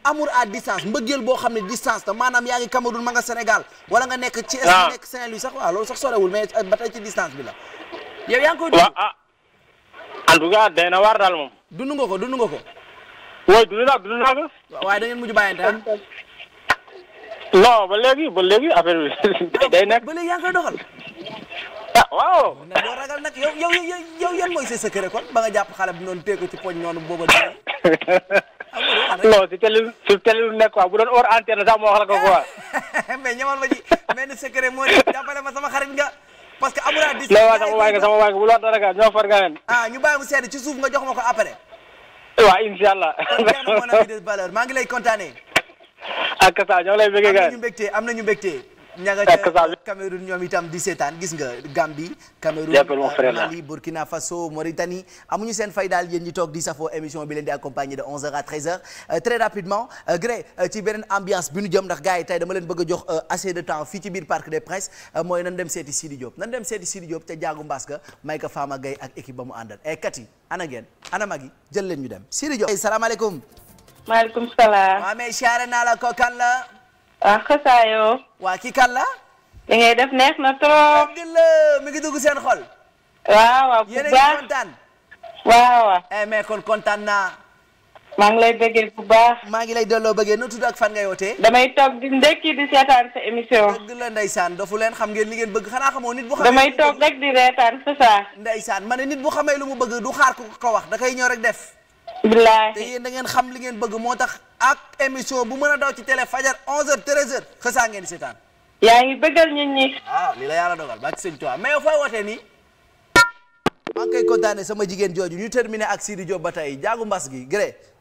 amour à distance mbëggeel boo xam ne distance la maanaam yaa ngi Cameroun ma nga Sénégal wala nga nekk ci. waaw ah. nekk Saint-Louis sax waaw loolu sax sorewul mais euh, ba tey ci distance bi la. yow yaa ngi koy dund waaw ah. en tout cas day na waar daal moom. dund nga ko dund nga ko. waaye dund naa dund naa ko. waaye da ngeen mujj bàyyante ah. noo ba léegi ba léegi affaire bi day nekk. ba léegi yaa ngi koy doxal. ah waaw. na doo ragal nag yow yow yow mooy sa secret kon ba nga jàpp xale bi noonu teg ko ci poñ noonu booba. non si télé su télé lu nekk quoi bu doon hors antenne sax moo wax la ko quoi. mais ñamal ma ji mel ni secret moo di jàppale ma sama xarit nga. parce que amul à. dis sama waay nga sama nga ah, suuf nga jox ma ko après. waaw incha allah. kon maa ngi lay kontaane ak Kasa ñoo lay bëggee. am ñu mbégte am na ñu mbégte. ña nga ca ñoom itam di seetaan gis nga Gambie Cameroun Burkina Faso Mauritanie amuñu seen fay daal yéen toog di safoo émission bi leen di accompagner de 11h à 13 euh, rapidement euh, Gré euh, ci beneen ambiance bi nu jëm ndax gars yi dama leen bëgg jox assez de temps fii ci biir Parc des Princes mooy nan dem seeti Sidi Diop nan dem seeti Sidi Diop te jaagu mbaas may ko Fama Gaye ak équipe ba mu àndal et eh, kat ana ngeen ana mag jël waaw ah, xasaayoo. waa kii kan la. li ngay def neex na trop. mi ngi dugg seen xol. waaw waaw bu baax yéen a ngi kontaan. waaw waaw. eh mais kon kontaan naa. maa ngi lay bëggee bu baax. maa ngi lay delloo bëggee nu tudd ak fan ngay wootee. damay toog di ndekki di seetaan sa émission. dëgg la Ndeysaan dofu leen xam li ngeen bëgg xanaa xamoo nit bu. xamee damay toog rek di reetaan c'est ça. Ndeysaan ma ne nit bu xamee lu mu bëgg du xaar ku ko wax da koy ñëw rek def. te yéen da ngeen xam li ngeen bëgg moo tax ak émission bu mën a daw ci télé fajar 11h 13 xësaa ngeen seetaan. yaa ngi bëggal ñun ñi. waaw ah, li la yàlla dogal ba ci sëñ Tuubaa mais fooy wootee nii. maa ngi koy kontaane sama jigéen jooju ñu terminé ak Sidi Diop ba tey jaagu mbas gi gré.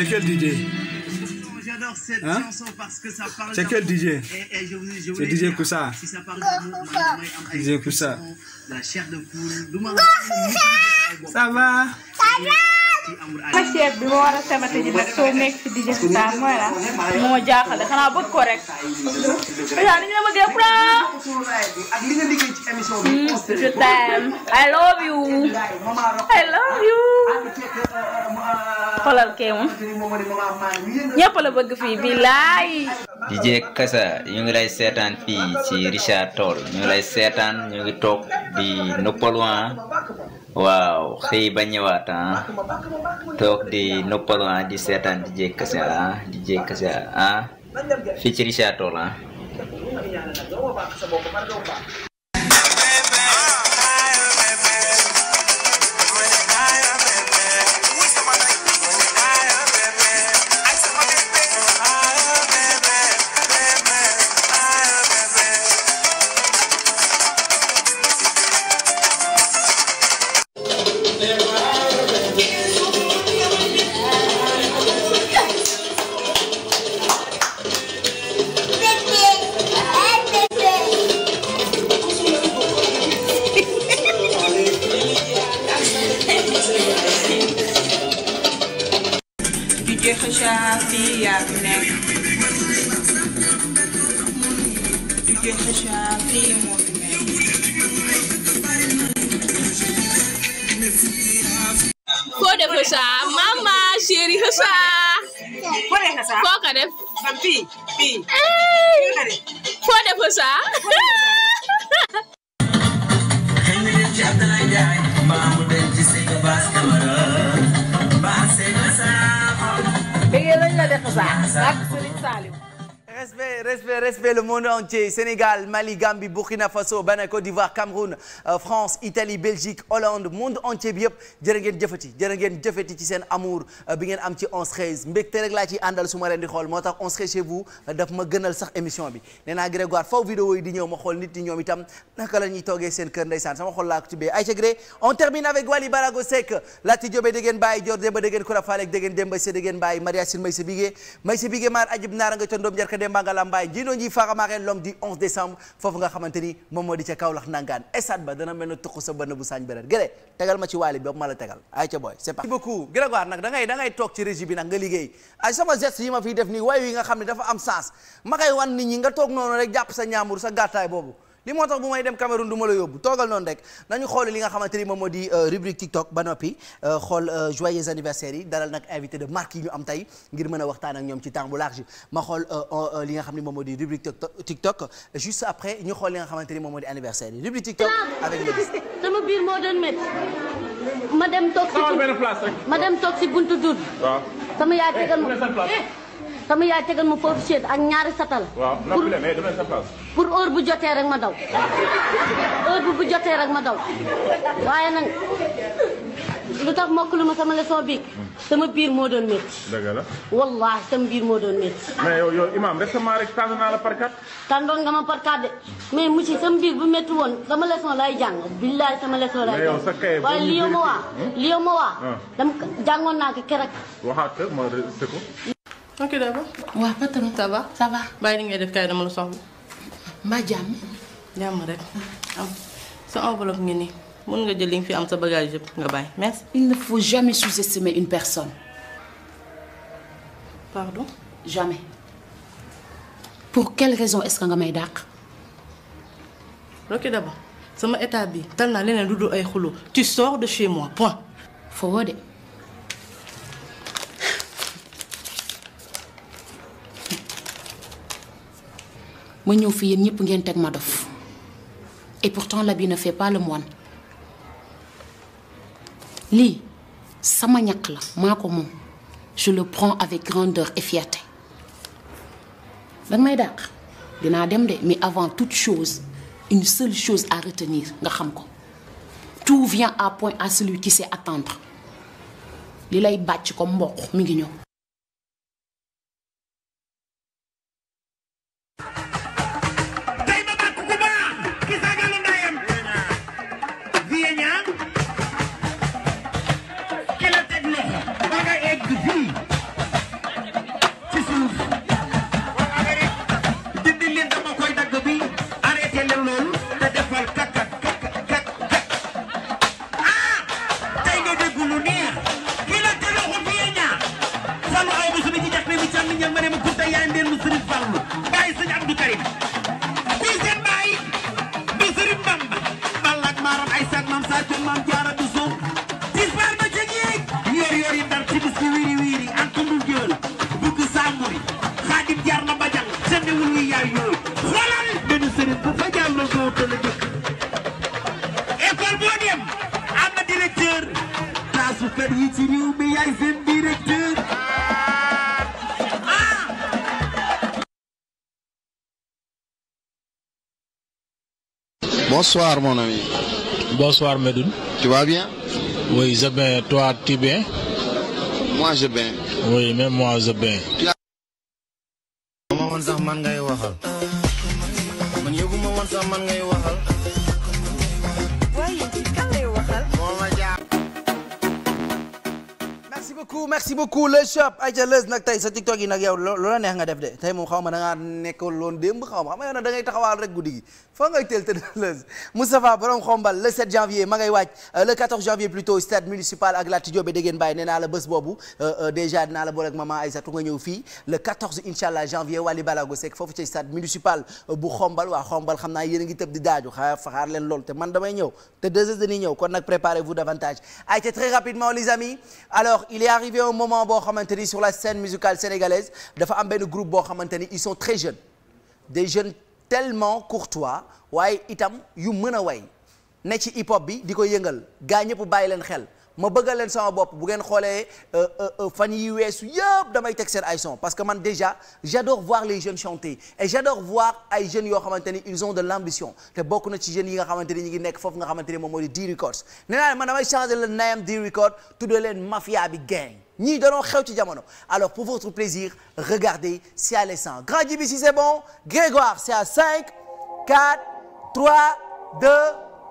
C'est quel DJ J'adore cette hein? chanson parce que ça parle. C'est quel DJ C'est DJ Koussa. Si ça parle d'amour, DJ Koussa. La chair de poule. Ça va Ça va ma chef bi ma war a sabati ji nag soo nekk si di jëf saa mooy la moo jaaxale xanaa bëgg ko rek. déjà ni ñu la bëggee franc. Hmm, je t'aime. I love you. I love you. xoolal kee moom ñëpp la bëgg fii bilaay. DJ Kasa ñu ngi lay seetaan fii ci Richard Toll ñu lay seetaan ñu ngi toog di noppalu waaw xëy ba ñëwaat ah toog di noppalu di seetaan DJ Kasa ah DJ Kasa ah fii ci Richard Toll ah. maamu denc si nga baas kamara baas si nga saabu. Béyee lañ la def baax ak Serigne respect respect respect le monde entier Sénégal Mali Gambie Burkina Faso Bénin Côte d'Ivoire Cameroun euh, France Italie Belgique Hollande monde entier bi yëpp jërë ngeen jëfati jërë ci seen amour euh, bi ngeen am ci 11 13 laa ciy àndal su ma leen di xool moo tax 11 euh, daf ma gënal sax émission bi nee Grégoire faw vidéo yi di ñëw ma xool nit ñi ñoom itam naka la toogee seen kër ndeysaan sama xol laa ko tibbee Aïcha on termine avec Wally Barago Manga Lambaay jiinooji Faramareen l'homme du 11 décembre foofu nga xamante ni moom moo di ca Kaolack nangaan esat ba dana mel na tuq sa bënn bu sañ bereer gële tegal ma ci waali bi ma la tegal ay ca booy c'est parti beaucoup Grégoire nag da ngay toog ci régie bi nag nga liggéey ay sama geste yi ma fiy def nii way yi nga xam ne dafa am sens ma wan nit ñi nga toog noonu rek jàpp sa ñaamur sa gàttaay boobu li moo tax bu may dem Cameroun du la yóbbu toogal noonu rek nañu xool li nga xamante ni moom moo di euh, rubrique TikTok ba noppi euh, xool euh, joyeux anniversaire yi dalal nag invité de marque yi ñu am tey ngir mën a waxtaan ak ñoom ci temps bu large ma xool li nga xam ni moom moo di rubrique TikTok xool anniversaire yi rubrique TikTok avec le sama biir moo doon dem toog ma dem toog si buntu dund sama yaay tegal ma eh, sama yaay tegal ma foofu chaise ak ñaari satala. waaw noppile mais bu jotee rek ma daw heure bu jotee rek ma daw waaye nag lu tax mokk lu ma sama leçon bi sama biir moo doon métti. dëgg la wallaahi sama biir moo doon métti. mais yow yow Imaam rek tànn naa la par quatre. nga ma par quatre de mais monsieur sama biir bu métti woon sama leçon lay jàng. billaay sama leçon lay jàng waaye li hmm? yow ma waa. li yow ma waa. dama jàngoon naa ko keroog. waxaat ma ok d'abord. waaw patron. ça va bàyyi li ngay def kay dama la soxla. mbaa jàmm. jàmm rek am sa enveloppe ngi nii mën nga jël li nga fi am sa bagage yëpp nga bàyyi merci. il ne faut jamais sous-estimer une personne. pardon. jamais. pour quelle raison est-ce que nga may dàq. ok d'abord sama état bi tal naa leneen lu dul ay xuloo tu sors de chez moi point. foo de. ma ñëw fii yéen ñëpp ngeen teg ma dof et pourtant l'habit ne fait pas le lii sama ñaq la maa ko moom je le prends avec grandeur et fierté may dàq dinaa dem de mais avant toute chose une seule chose à retenir nga xam ko tout vient à point à celui qui sait attendre li lay bàcc comme mboq mi ngi ñëw Abdoulaye Sène directeur. Bonsoir mon ami. Bonsoir Medoun. Tu bien? Oui, je bien. Toi, tu bien? Moi, je bien. Oui, même moi, je bien. man man ngay waxal. man yëguma man sax man ngay waxal. beaucoup merci beaucoup le shop Aïcha Leuz nag tey sa TikTok yi nag yow loola neex nga def de tey moom xaw ma da ngaa nekkoon loon démb xaw ma xam nga da ngay taxawaal rek guddi gi foo ngay teel tëddaleuse Moustapha borom xombal le janvier ma ngay waaj euh, le 14 janvier plutôt stade municipal ak Lat Diop dégg ngeen nee naa la bés boobu euh, euh, déjà dinaa la boole ak maman Aïssatou nga ñëw fii le 14 janvier Wally Balago Seck foofu ci stade municipal bu xombal waa xombal xam naa yéen ngi tëb di daaju xaar faxaar leen loolu te man damay ñëw te deux heures dañuy kon nag préparez-vous davantage ay te très rapidement les amis alors il est arrivé un moment boo xamante ni sur la scène musicale sénégalaise dafa am benn groupe boo xamante ni jeunes tellement courtois waaye itam yu mën a way ne ci hip hop bi di ko yëngal gaa ñëpp bàyyi leen xel ma bëggal leen sama bopp bu ngeen xoolee euh, euh, euh, fan yi weesu yëpp damay teg ay son parce que man déjà j'adore voir les jeunes chanter et j'adore voir ay jeunes yoo xamante ni ils ont de l'ambition te bokk na ci jeunes yi nga xamante ni ñu ngi nekk foofu nga xamante moom moo di D Records nee naa man damay changer le name D Records tuddee leen bi gang ñii danoo xew ci jamono alo pour votre plaisir regardez c'est à l'instant Grand Djiby si c'est bon Grégoire c'est à 5 4 3 2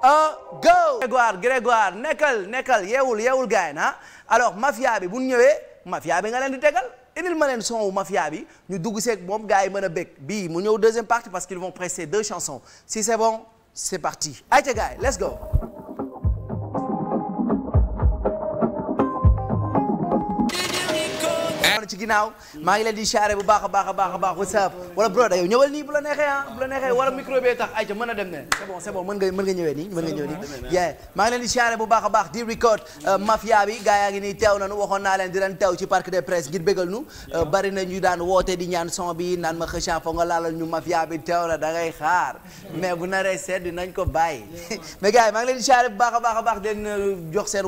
1 go. Grégoire Grégoire nekkal nekkal yeewul yeewul gaay na alors mafia bi bu ñu ñëwee mafia bi nga leen di tegal indil ma son wu mafia bi ñu dugg seeg moom gars yi mën a bég bii mu ñëw deuxième partie parce qu'ils vont presser deux chansons si c'est bon c'est parti ayca gars les go. ci ginnaaw maa ngi leen di siyaare bu baax a baax a baax a baax whatsapp wala broda yow ñëwal nii bu la neexee ah bu la neexee wala mën a dem ne c'est bon c'est bon mën nga ñëwee nii mën nga ñëwee nii maa ngi leen di siyaare bu baax a baax di record euh, mafia bi gaa yaa ngi nii teew nañu waxoon naa leen di leen teew ci parc des presses ngir bégal nu euh, bari na ñu daan woote di ñaan son bi naan ma xëccan foo nga laalal ñu mafia bi teew na da xaar mais bu naree seet dinañ ko b mais gars a baax a baax di leen euh, jox seen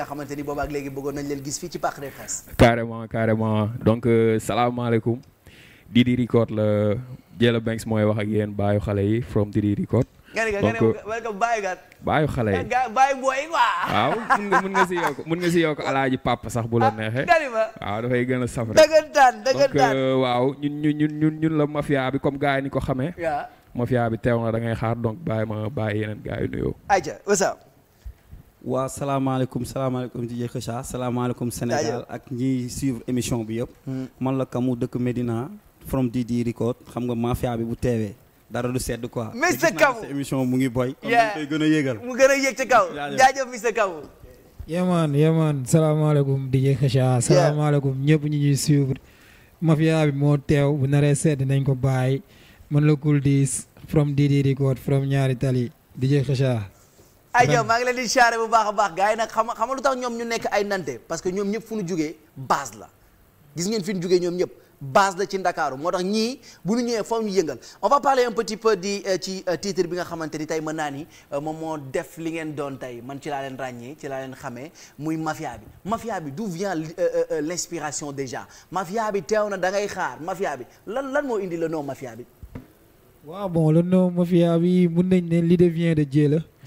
nga xamante ni boobaak léegi bëggoon nañ leen gis fii ci Parc des Princes. carrément carrément donc euh, salaamaaleykum Didi Record la Jella Banks mooy wax ak yéen baayu xale yi from Didi Record. nga ne nga ne euh, baayu gat yi baayu booy quoi. waaw mun nga si yokk mun nga si yokk alaaji papa sax bu la ah, neexee. waaw dafay gën a saf rek. dëggantaan dëggantaan donc euh, waaw ñun ñun ñun la mafia bi comme gars ni ko xamee. waaw mafia bi teew na da xaar donc bàyyi ma bàyyi yeneen gars yi nuyoo. waa salaamaaleykum salaamaaleykum DJ Kheucha salaamaaleykum Sénégal ak ñiy suivre émission bi yëpp hmm. man la kamu dëkk Medina from Didi Record xam nga mafia bi bu teewee dara du sedd quoi Mister mu ngi boy a kaw jaajëf Mister Kamu yemaan yemaan salaamaaleykum DJ Kheucha salaamaaleykum ñëpp ñi ñuy suivre mafia bi moo teew bu naree sedd nañ ko bàyyi man la Koul Diss from Didi Record from ñaari tali DJ Kheucha ay yow maa ngi leen di charré bu baax a baax gars yi nag xam xam lu tax ñoom ñu nekk ay nante parce que ñoom ñëpp fu ñu jugee base la gis ngeen fi ñu jugee ñoom ñëpp base la ci Ndakaaru moo tax ñii bu ñu ñëwee foofu ñu yëngal on va parler un petit peu di euh, ci euh, titre bi nga xamante ni tey mën naa ni euh, moom moo def li ngeen doon tey man ci laa leen ràññee ci laa leen xamee muy mafia bi mafia bi d'où vient l'inspiration déjà mafia bi teew na da ngay xaar mafia bi lan lan moo indi le nom mafia bi. waaw bi mun nañ ne l'idée de la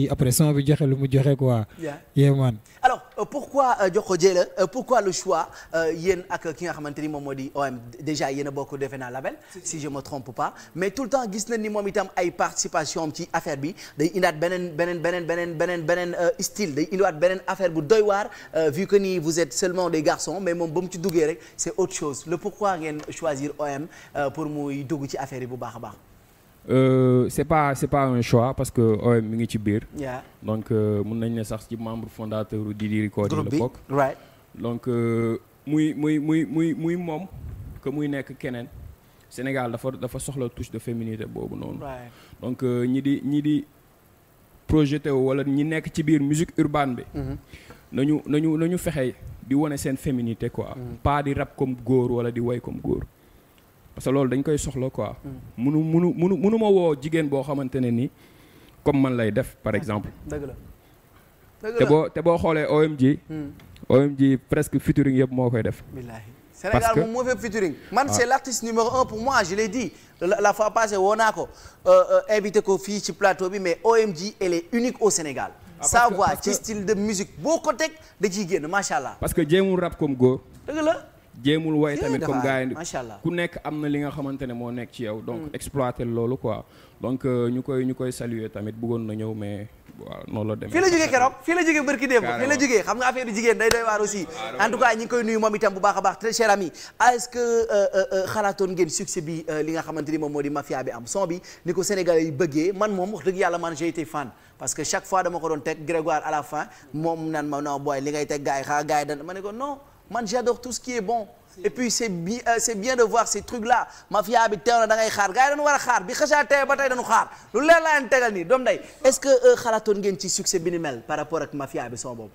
kii après son bi joxe lu mu joxe quoi. yee man alors euh, pourquoi Jokko Dieng la pourquoi le choix euh, yéen ak ki nga xamante ni moom moo di OM déjà yéen a bokk defe naa label. si je ma trompe pas mais tout le temps gis nañ ni moom itam ay participation am ci affaire bi day indaat beneen beneen beneen beneen beneen beneen euh, style day indiwaat beneen affaire bu doy waar vu que ni vous êtes seulement des garçons mais moom ba mu ci duggee rek c'est autre chose le pourquoi ngeen choisir OM pour muy dugg ci affaire bu baax a Euh, c'est pas c'est pas un choix parce que OM mi ngi ci biir. donc euh, mun nañ ne sax ci membre fondateur di di record la bokk. right donc euh, muy muy muy muy muy moom que muy nekk keneen Sénégal dafa dafa soxla touche de féminité boobu noonu. donc euh, ñi di ñi di projeté wala ñi nekk ci biir musique urbaine bi. Mm-hmm. nañu nañu nañu fexe di wane seen féminité quoi. Mm-hmm. pas di rap comme góor wala di woy comme góor. parce loolu dañ koy soxla quoi. Mm. munu munu munu munu ma woo jigéen boo xamante ne nii comme man lay def par exemple. dëgg la te boo te boo xoolee OMG. Mm. OMG presque featuring yëpp moo koy def. Sénégal moom moo fépp featuring man ah. c'est l'artiste numéro un pour moi je l'ai dit la, fois passée woo naa ko euh, euh, invité ko fii ci plateau bi mais OMG elle est unique au Sénégal ah, sa voix ci style de musique boo ko teg da ciy génn macha allah. parce que jéemul rap comme góor jéemul way tamit comme gars yi ku nekk am na li nga xamante ne moo nekk ci yow donc mm. exploiter loolu quoi donc euh, ñu koy saluer tamit bëggoon na ñëw mais waaw noonu la demee fii la jógee keroog fii la jógee bërki démb fii la jógee xam nga affaire jigéen day doy waar aussi en tout cas ñi ngi koy nuyu moom itam bu baax a baax très ami est-ce que euh, euh, xalaatoon ngeen succès bi li nga xamante ni moom moo di mafia bi am son bi ni ko sénégalais yi bëggee man moom wax dëgg yàlla man j'ai teg Grégoire ma non booy li ngay teg gars yi xaa gars yi dan ma ne ko man j'adore tout ce qui est bon et puis c'est euh, bien c'est de voir ces trucs là mafia bi teew na da xaar gars yi dañu war a xaar bi xëcaa teew ba tey dañu xaar lu leen laa leen tegal nii doom day est-ce que euh, xalaatoon ngeen ci succès bi ni mel par rapport ak mafia bi son boobu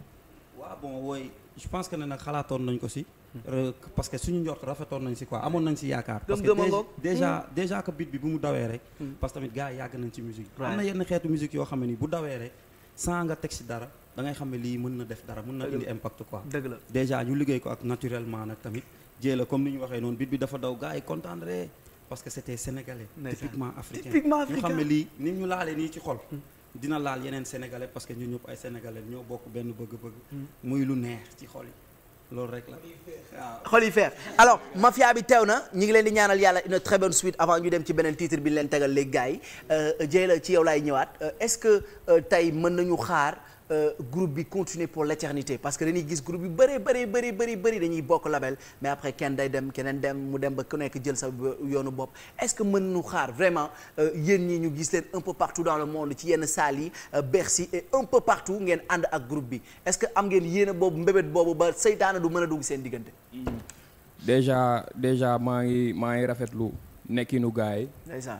waaw bon wooy je pense que ne nag xalaatoon nañ ko si euh, parce que suñu njort rafetoon nañ si quoi amoon nañ si yaakaar parce que déjà déjà hmm. que bi bu mu dawee rek hmm. parce que tamit gars yi nañ ci musique am xeetu musique yoo xam ne bu dawee rek nga teg si dara da ngay xam lii mën na def dara mun na indi impact quoi déjà ñu liggéey ko ak naturellement nag tamit jée la comme ni ñu waxee noonu bit bi dafa daw gars yi kontaan rek parce que c'était sénégalais typiquement africain ñu xam ne lii ni ñu laalee nii ci xol hmm. dina laal yeneen sénégalais parce que ñun ñëpp ay sénégalais ñoo bokk benn bëgg-bëgg hmm. muy lu neex ci xol yi loolu rek la waaw xol yi alors mafia bi teew na ñu ngi leen di ñaanal yàlla une très bonne suite avant ñu dem ci beneen titre bi ñu leen tegal léegi gars yi euh, la ci yow laay ñëwaat euh, est-ce que euh, tey mën nañu xaar Euh, groupe bi continuer pour l'éternité parce que dañuy gis groupe bi bëree bëri bëri bëri dañuy bokk label mais après kenn day dem keneen dem mu dem ba ku nekk jël sa yoonu bopp est-ce que mën nu xaar vraiment euh, yéen ñi ñu gis leen un peu partout dans le monde ci yenn saali yi euh, Bercy et un peu partout ngeen ànd ak groupe bi est-ce que am ngeen yéena boobu mbébét boobu ba seytaane du mën a dugg seen diggante déjà déjà maa ngi maa ngi rafetlu nekkinu gars yi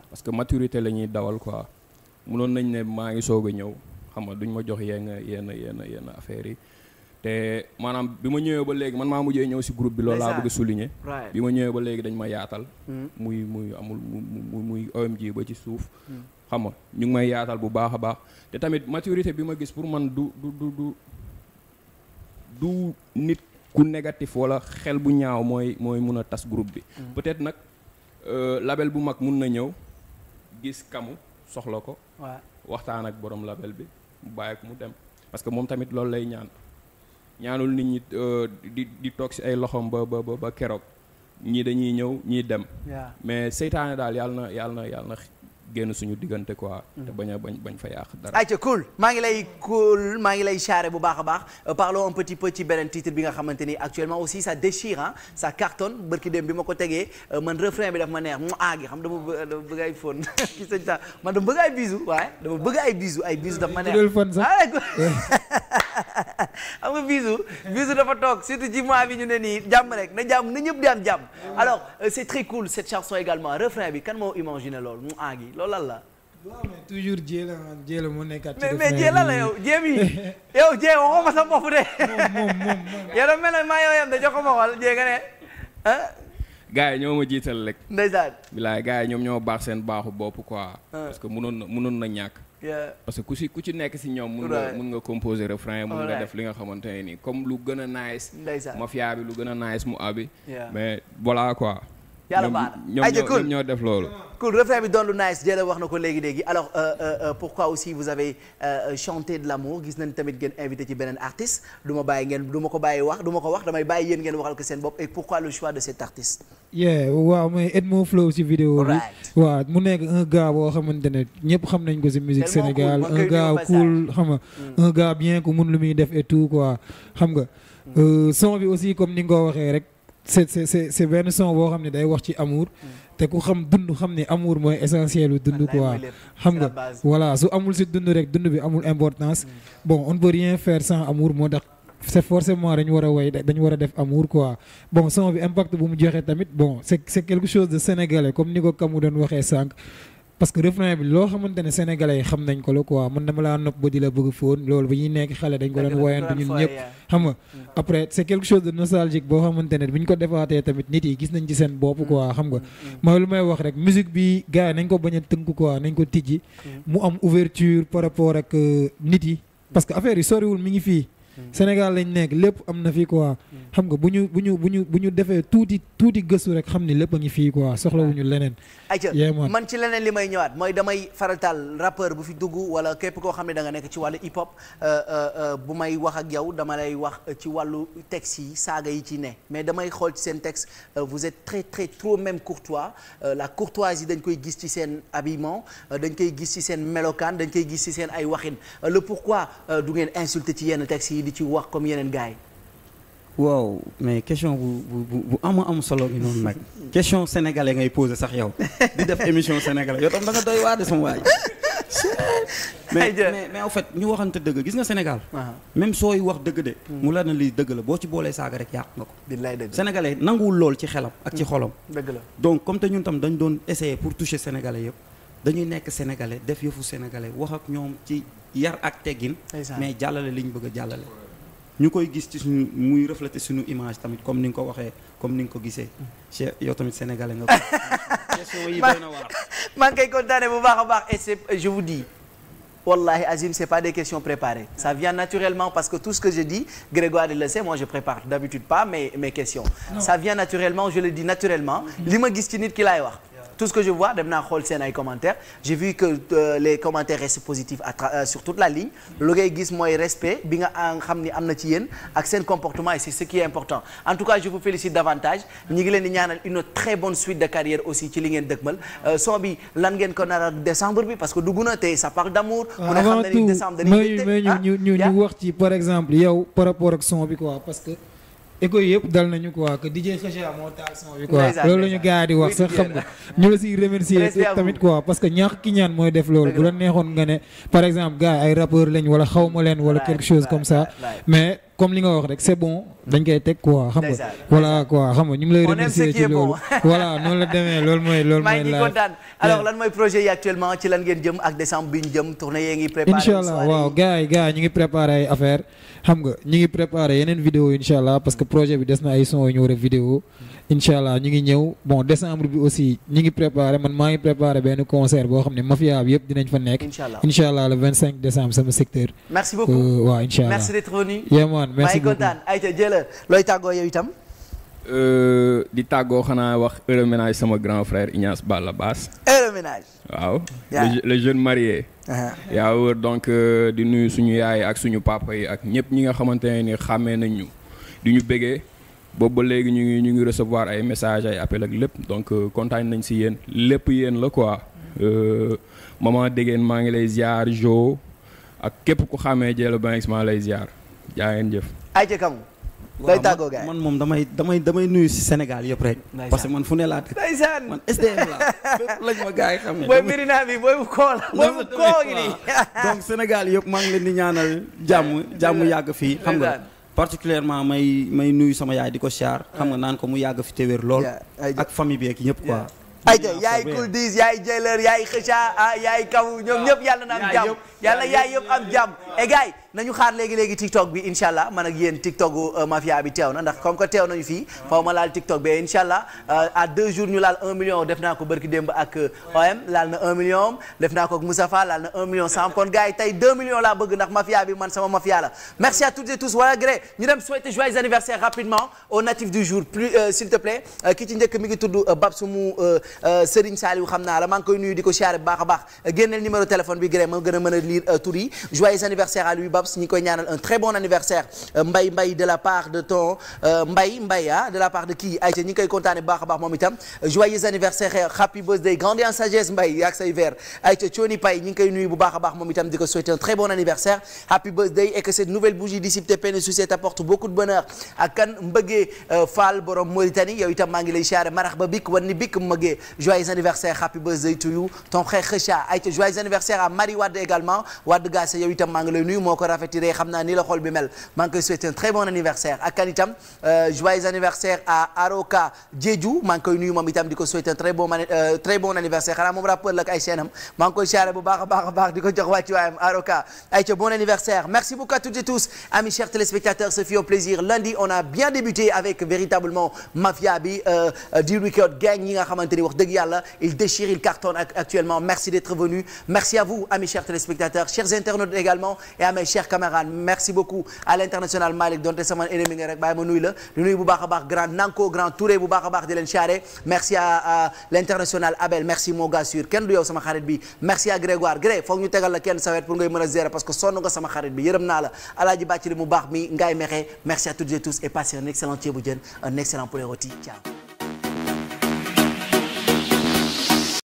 parce que maturité la ñuy dawal quoi mënoon nañ ne maa ngi soog a ñëw xam nga duñ ma jox yenn yenn yenn yenn affaires yi te maanaam bi ma ñëwee ba léegi man maa mujjee ñëw si groupe bi loolu laa bëgg a bi ma ñëwee ba léegi dañ ma yaatal hmm. muy muy amul mu muy OMG ba ci suuf hmm. xam nga ñu ngi may yaatal bu baax a baax te tamit maturité bi ma gis pour man du du du nit ku negatif wala xel bu ñaaw mooy mooy mun a tas groupe bi hmm. peut-être nag euh, label bu mag mun na ñëw gis kamu soxla ko waxtaan ak borom label bi mu bàyyi ko mu dem parce que moom tamit loolu lay ñaan ñaanul nit ñi euh, di di toog si ay loxoom ba ba ba keroog ñii dañuy ñëw ñii dem. mais seytaane daal yàlla na yàlla na yàlla na génn suñu diggante quoi. te bañ a bañ fa yàq dara. ayca cool maa ngi lay cool maa ngi lay charré bu baax a baax euh, parlons un petit peu ci bi nga xamante ni actuellement aussi ça déchire ah ça cartonne barki dem bi ma ko tegee euh, man refrain bi daf ma neex mu aagi xam dama bë dama bëgg ay fon kii sëñ man dama bëgg ay bisou waaye dama bëgg ay bisou ay bisou daf ma neex. xam nga bisu bisu dafa toog surtout ci mois bi ñu ne nii jàmm rek na jàmm na ñëpp di am jàmm alors euh, c'est très cool cette chanson également refrain bi kan moo imaginer loolu mu angi loolu lan la waaw mais jéem a jéem a mu nekk mais mais jéem yow jéem yi yow jéem waxoo sa bopp de. moom moom moom mel na maa yow yam de jox ko ma xool ne ah. jiital rek. ndeysaan. bilaay gars yi ñoom ñoo baax seen baaxu bopp quoi. Ah. parce que mënoon na mënoon na ñàkk. parce que ku ku ci nekk si ñoom mun nga mun nga composer refrain mun nga def li nga xamante ne nii comme lu gën a nice mafia bi lu gën a nice mu abi mais voilà quoi yàlla baax na ayca cool ñoo def loolu cool refrain wax na ko léegi léegi alors euh, euh, pourquoi aussi vous avez euh, chanté de l'amour gis nañ tamit ngeen invité ci beneen artiste du ma bàyyi ngeen du ma ko bàyyi wax du ma ko wax damay bàyyi yéen ngeen waxal ko seen bopp et pourquoi le choix de cet artiste waaw mais Edmo Flow si vidéo bi waaw mu nekk un gars boo xamante ne ñëpp xam nañ ko si musique Sénégal un gars cool xam nga mm. un gars bien ku mun lu muy def et tout koi xam nga son bi aussi comme ni nga ko waxee rek c'est c'est c'est benn son boo xam ne day wax ci amour mm. te ku xam dund xam ni amour mooy essentiel bi dund quoi xam nga voilà su amul si dund rek dund bi amul importance mm. bon on peut rien faire sans amour moo tax c'est forcément dañu war a way dañu war a def amour quoi bon son bi impact bu mu joxee tamit bon c'est c'est quelque chose de sénégalais comme ni ko Kamou doon waxee sànq parce que refrain bi loo xamante ne sénégalais yi xam nañ ko la quoi man dama laa nopp ba di la bëgg fóon loolu ba ñuy nekk xale dañ ko doon woyantu ñun ñëpp xam mm. après c'est quelque chose de nostalgique boo xamante ne bu ñu ko defaatee tamit nit yi gis nañ ci seen bopp mm. quoi xam nga mm. mooy lu may wax rek musique bi gars yi nañ ko bañ a tënk quoi nañ ko tijji mu am ouverture par rapport ak euh, nit yi parce que affaire yi soriwul mi ngi fii Sénégal lañ nekk lépp am na fi quoi. xam nga bu ñu bu ñu bu ñu bu ñu defee tuuti tuuti gëstu rek xam ni lépp a ngi fii quoi soxlawuñu leneen. yee man ci leneen li may ñëwaat mooy damay farataal rappeur bu fi dugg wala képp koo xam ne da nga nekk ci wàllu hip hop euh, euh, euh, bu may wax ak yow dama lay wax ci wàllu texte yi saaga yi ci ne mais damay xool ci seen texte vous êtes très très trop même courtois la courtoisie dañ koy gis ci seen habillement dañ koy gis ci seen melokaan dañ koy gis ci seen ay waxin le pourquoi du ngeen insulter ci yenn texte yi di ci wax comme yeneen gars yi. waaw mais question bu bu bu am am solo bi noonu nag question sénégalais ngay posé sax yow di def émission sénégalais yow tam da nga doy waar de sama waay. mais mais en fait ñu waxante dëgg gis nga Sénégal. même sooy wax dëgg de. Hmm. mu la na lii dëgg la boo ci boolee saaga rek yàq nga ko. billaay dëgg sénégalais nanguwul lool ci xelam. ak ci hmm. xolam. dëgg la donc comme te ñun tam dañ doon essayer pour toucher sénégalais yëpp dañuy nekk sénégalais def yëfu sénégalais wax ak ñoom ci. yar ak teggin mais jàllale li ñu bëgg a jàllale ñu koy gis ci suñu muy refléter suñu image tamit comme ni nga ko waxee comme ni nga ko gisee Cheikh yow tamit sénégalais nga ko question yi doy na waar maa ngi koy kontaane bu baax a baax et c'est je vous dis wallahi Azim c'est pas des questions préparées ça vient naturellement parce que tout ce que je dis Grégoire il le sait moi je prépare d'habitude pas mes questions non. vient naturellement je le dis naturellement li ma gis ci nit ki laay wax tout ce que je vois dem naa xool seen ay commentaires j'ai vu que euh, les commentaires restent positifs euh, sur toute la ligne lu ngay gis respect bi nga ah, xam ni am na ci yéen ak seen comportement et c'est ce qui est important en tout cas je vous félicite davantage ñi ngi di ñaanal une très bonne suite de carrière aussi ci li ngeen dëgmal euh, son bi lan ngeen ko nar décembre bi parce que dugg na tey ça parle d'amour mu ah, ne xam na ni décembre dañuy mais ah, ñu ñu ñu wax ci par exemple yow par rapport ak son bi écho yëpp dal nañu quoi que DJ Kheucha moo taal son bi quoi loolu la ñu yi di wax sax xam nga ñu la siy remercier tamit quoi parce que ñaax ki ñaan mooy def loolu bu la neexoon nga ne par exemple gars ay rappeur lañ wala xaw ma leen wala quelque chose comme ça mais comme li nga wax rek c'est bon dañ koy teg quoi xam nga voilà quoi xam nga ñu ngi lay remercier ci loolu voilà noonu la demee la kontaan alors lan mooy projet yi actuellement ci lan ngeen jëm ak décembre bi ñu jëm tournée xam nga ñu ngi préparé yeneen vidéo incha allah parce que projet bi des na ay son yu ñu vidéo incha allah ñu ngi ñëw bon décembre bi aussi ñi ngi préparé man maa ngi préparé benn concert boo xam ne mafia bi yëpp dinañ fa nekk. incha allah le 25 décembre sama secteur. merci beaucoup euh, waaw incha allah merci d'être venu. kontaan ayca jëla looy tàggoo yow itam. Euh, di tàggoo xanaa wax heureux ménage sama grand frère Ignace Balla Bass. heureux ménage. waaw le jeune marié. Uh-huh. yaa wër donc euh, di nuyu suñu yaay ak suñu papa yi ak ñëpp ñi nga xamante ne xàmmee nañ ñu di ñu bëggee. boobu ba léegi ñu ngi ñu ngi recevoir ay messages ay appels ak lépp donc euh, kontaan nañ si yéen lépp yéen la quoi euh, maman déggeen maa ngi lay ziar jo ak képp ku xamee Diéla Banks maa lay ziar jaa ngeen jëf. ay ca tàggoo gaay man moom damay damay damay nuyu si Sénégal yëpp rek. parce que man fu ne laa dëkk. man SDM la fépp ma gars yi xam ne. mooy Mirina bi mooy bu koo la mooy bu koo ngi nii. donc Sénégal yëpp maa ngi leen di ñaanal jàmm jàmm yàgg fii xam nga. particulièrement may may nuyu sama yaay di ko siyaar xam nga naan ko mu yàgg fi te wér lool ak famille bi ak ñëpp quoi ayca yaay kuldis yaay jëlër yaay xëca ah, yaay kaw ñoom ñëpp yàlla na am jàmm yàlla yaay yëpp am jàmm et eh, gars yi nañu xaar léegi léegi TikTok bi incha allah man ak yéen TikTok euh, mafia bi teew na ndax comme que teew nañu fii faw ma laal TikTok bi incha allah euh, à deux jours ñu laal million def naa ko barki démb ak euh, OM laal na 1 million def naa ko ak Moustapha laal na 1 million cent kon gars yi tey 2 millions laa bëgg ndax mafia bi man sama mafia la merci à toutes et tous wala gré ñu dem souhaiter joyeux anniversaire rapidement au natif du jour plus s'il te plaît ki ci njëkk di ko siyaare bu baax a baax génneel numéro anniversaire à lui Babs ñi koy ñaanal un très bu baax a baax moom di ko souhaiter un très bon anniversaire happy birthday et que cette nouvelle bougie dissipe tes peines et soucis beaucoup de bonheur ak kan mbëggee euh, Fall borom Mauritanie yow itam maa ngi lay ba bik wan bik mbëggee joyeux anniversaire happy birthday to ton frère Kheucha Aïcha joyeux anniversaire à Marie Wade également Wade Gassé yow itam lay nuyu moo naa ni la xol bi mel maa ngi koy un très bon anniversaire ak kan euh, anniversaire à Aroka Diedhiou maa ngi koy di ko souhaiter un euh, très bon anniversaire xanaa moom rappeur la ak ay chaînam maa ngi koy di ko jox wàcci waayam Aroka ayca bon anniversaire merci beaucoup à toutes et tous amis chers téléspectateurs ce fut plaisir lundi on a bien débuté avec véritablement mafia bi record euh, gang yi nga xamante ni wax dëgg et à mes chers camarades merci beaucoup à l'international Malick donte sama ennemi nga rek bàyyi ma nuyu la di bu baax a baax grand Nanko grand Touré bu baax a baax di leen charé merci à l'international Abel merci moo gaa sur kenn du yow sama xarit bi merci à Grégoire Gré foog ñu tegal la kenn sawet pour ngay mën a gérer parce que sonn nga sama xarit bi yërëm naa la alaaji bàcci li mu baax mi ngaay mexe merci à toutes et tous et passez un excellent ceebu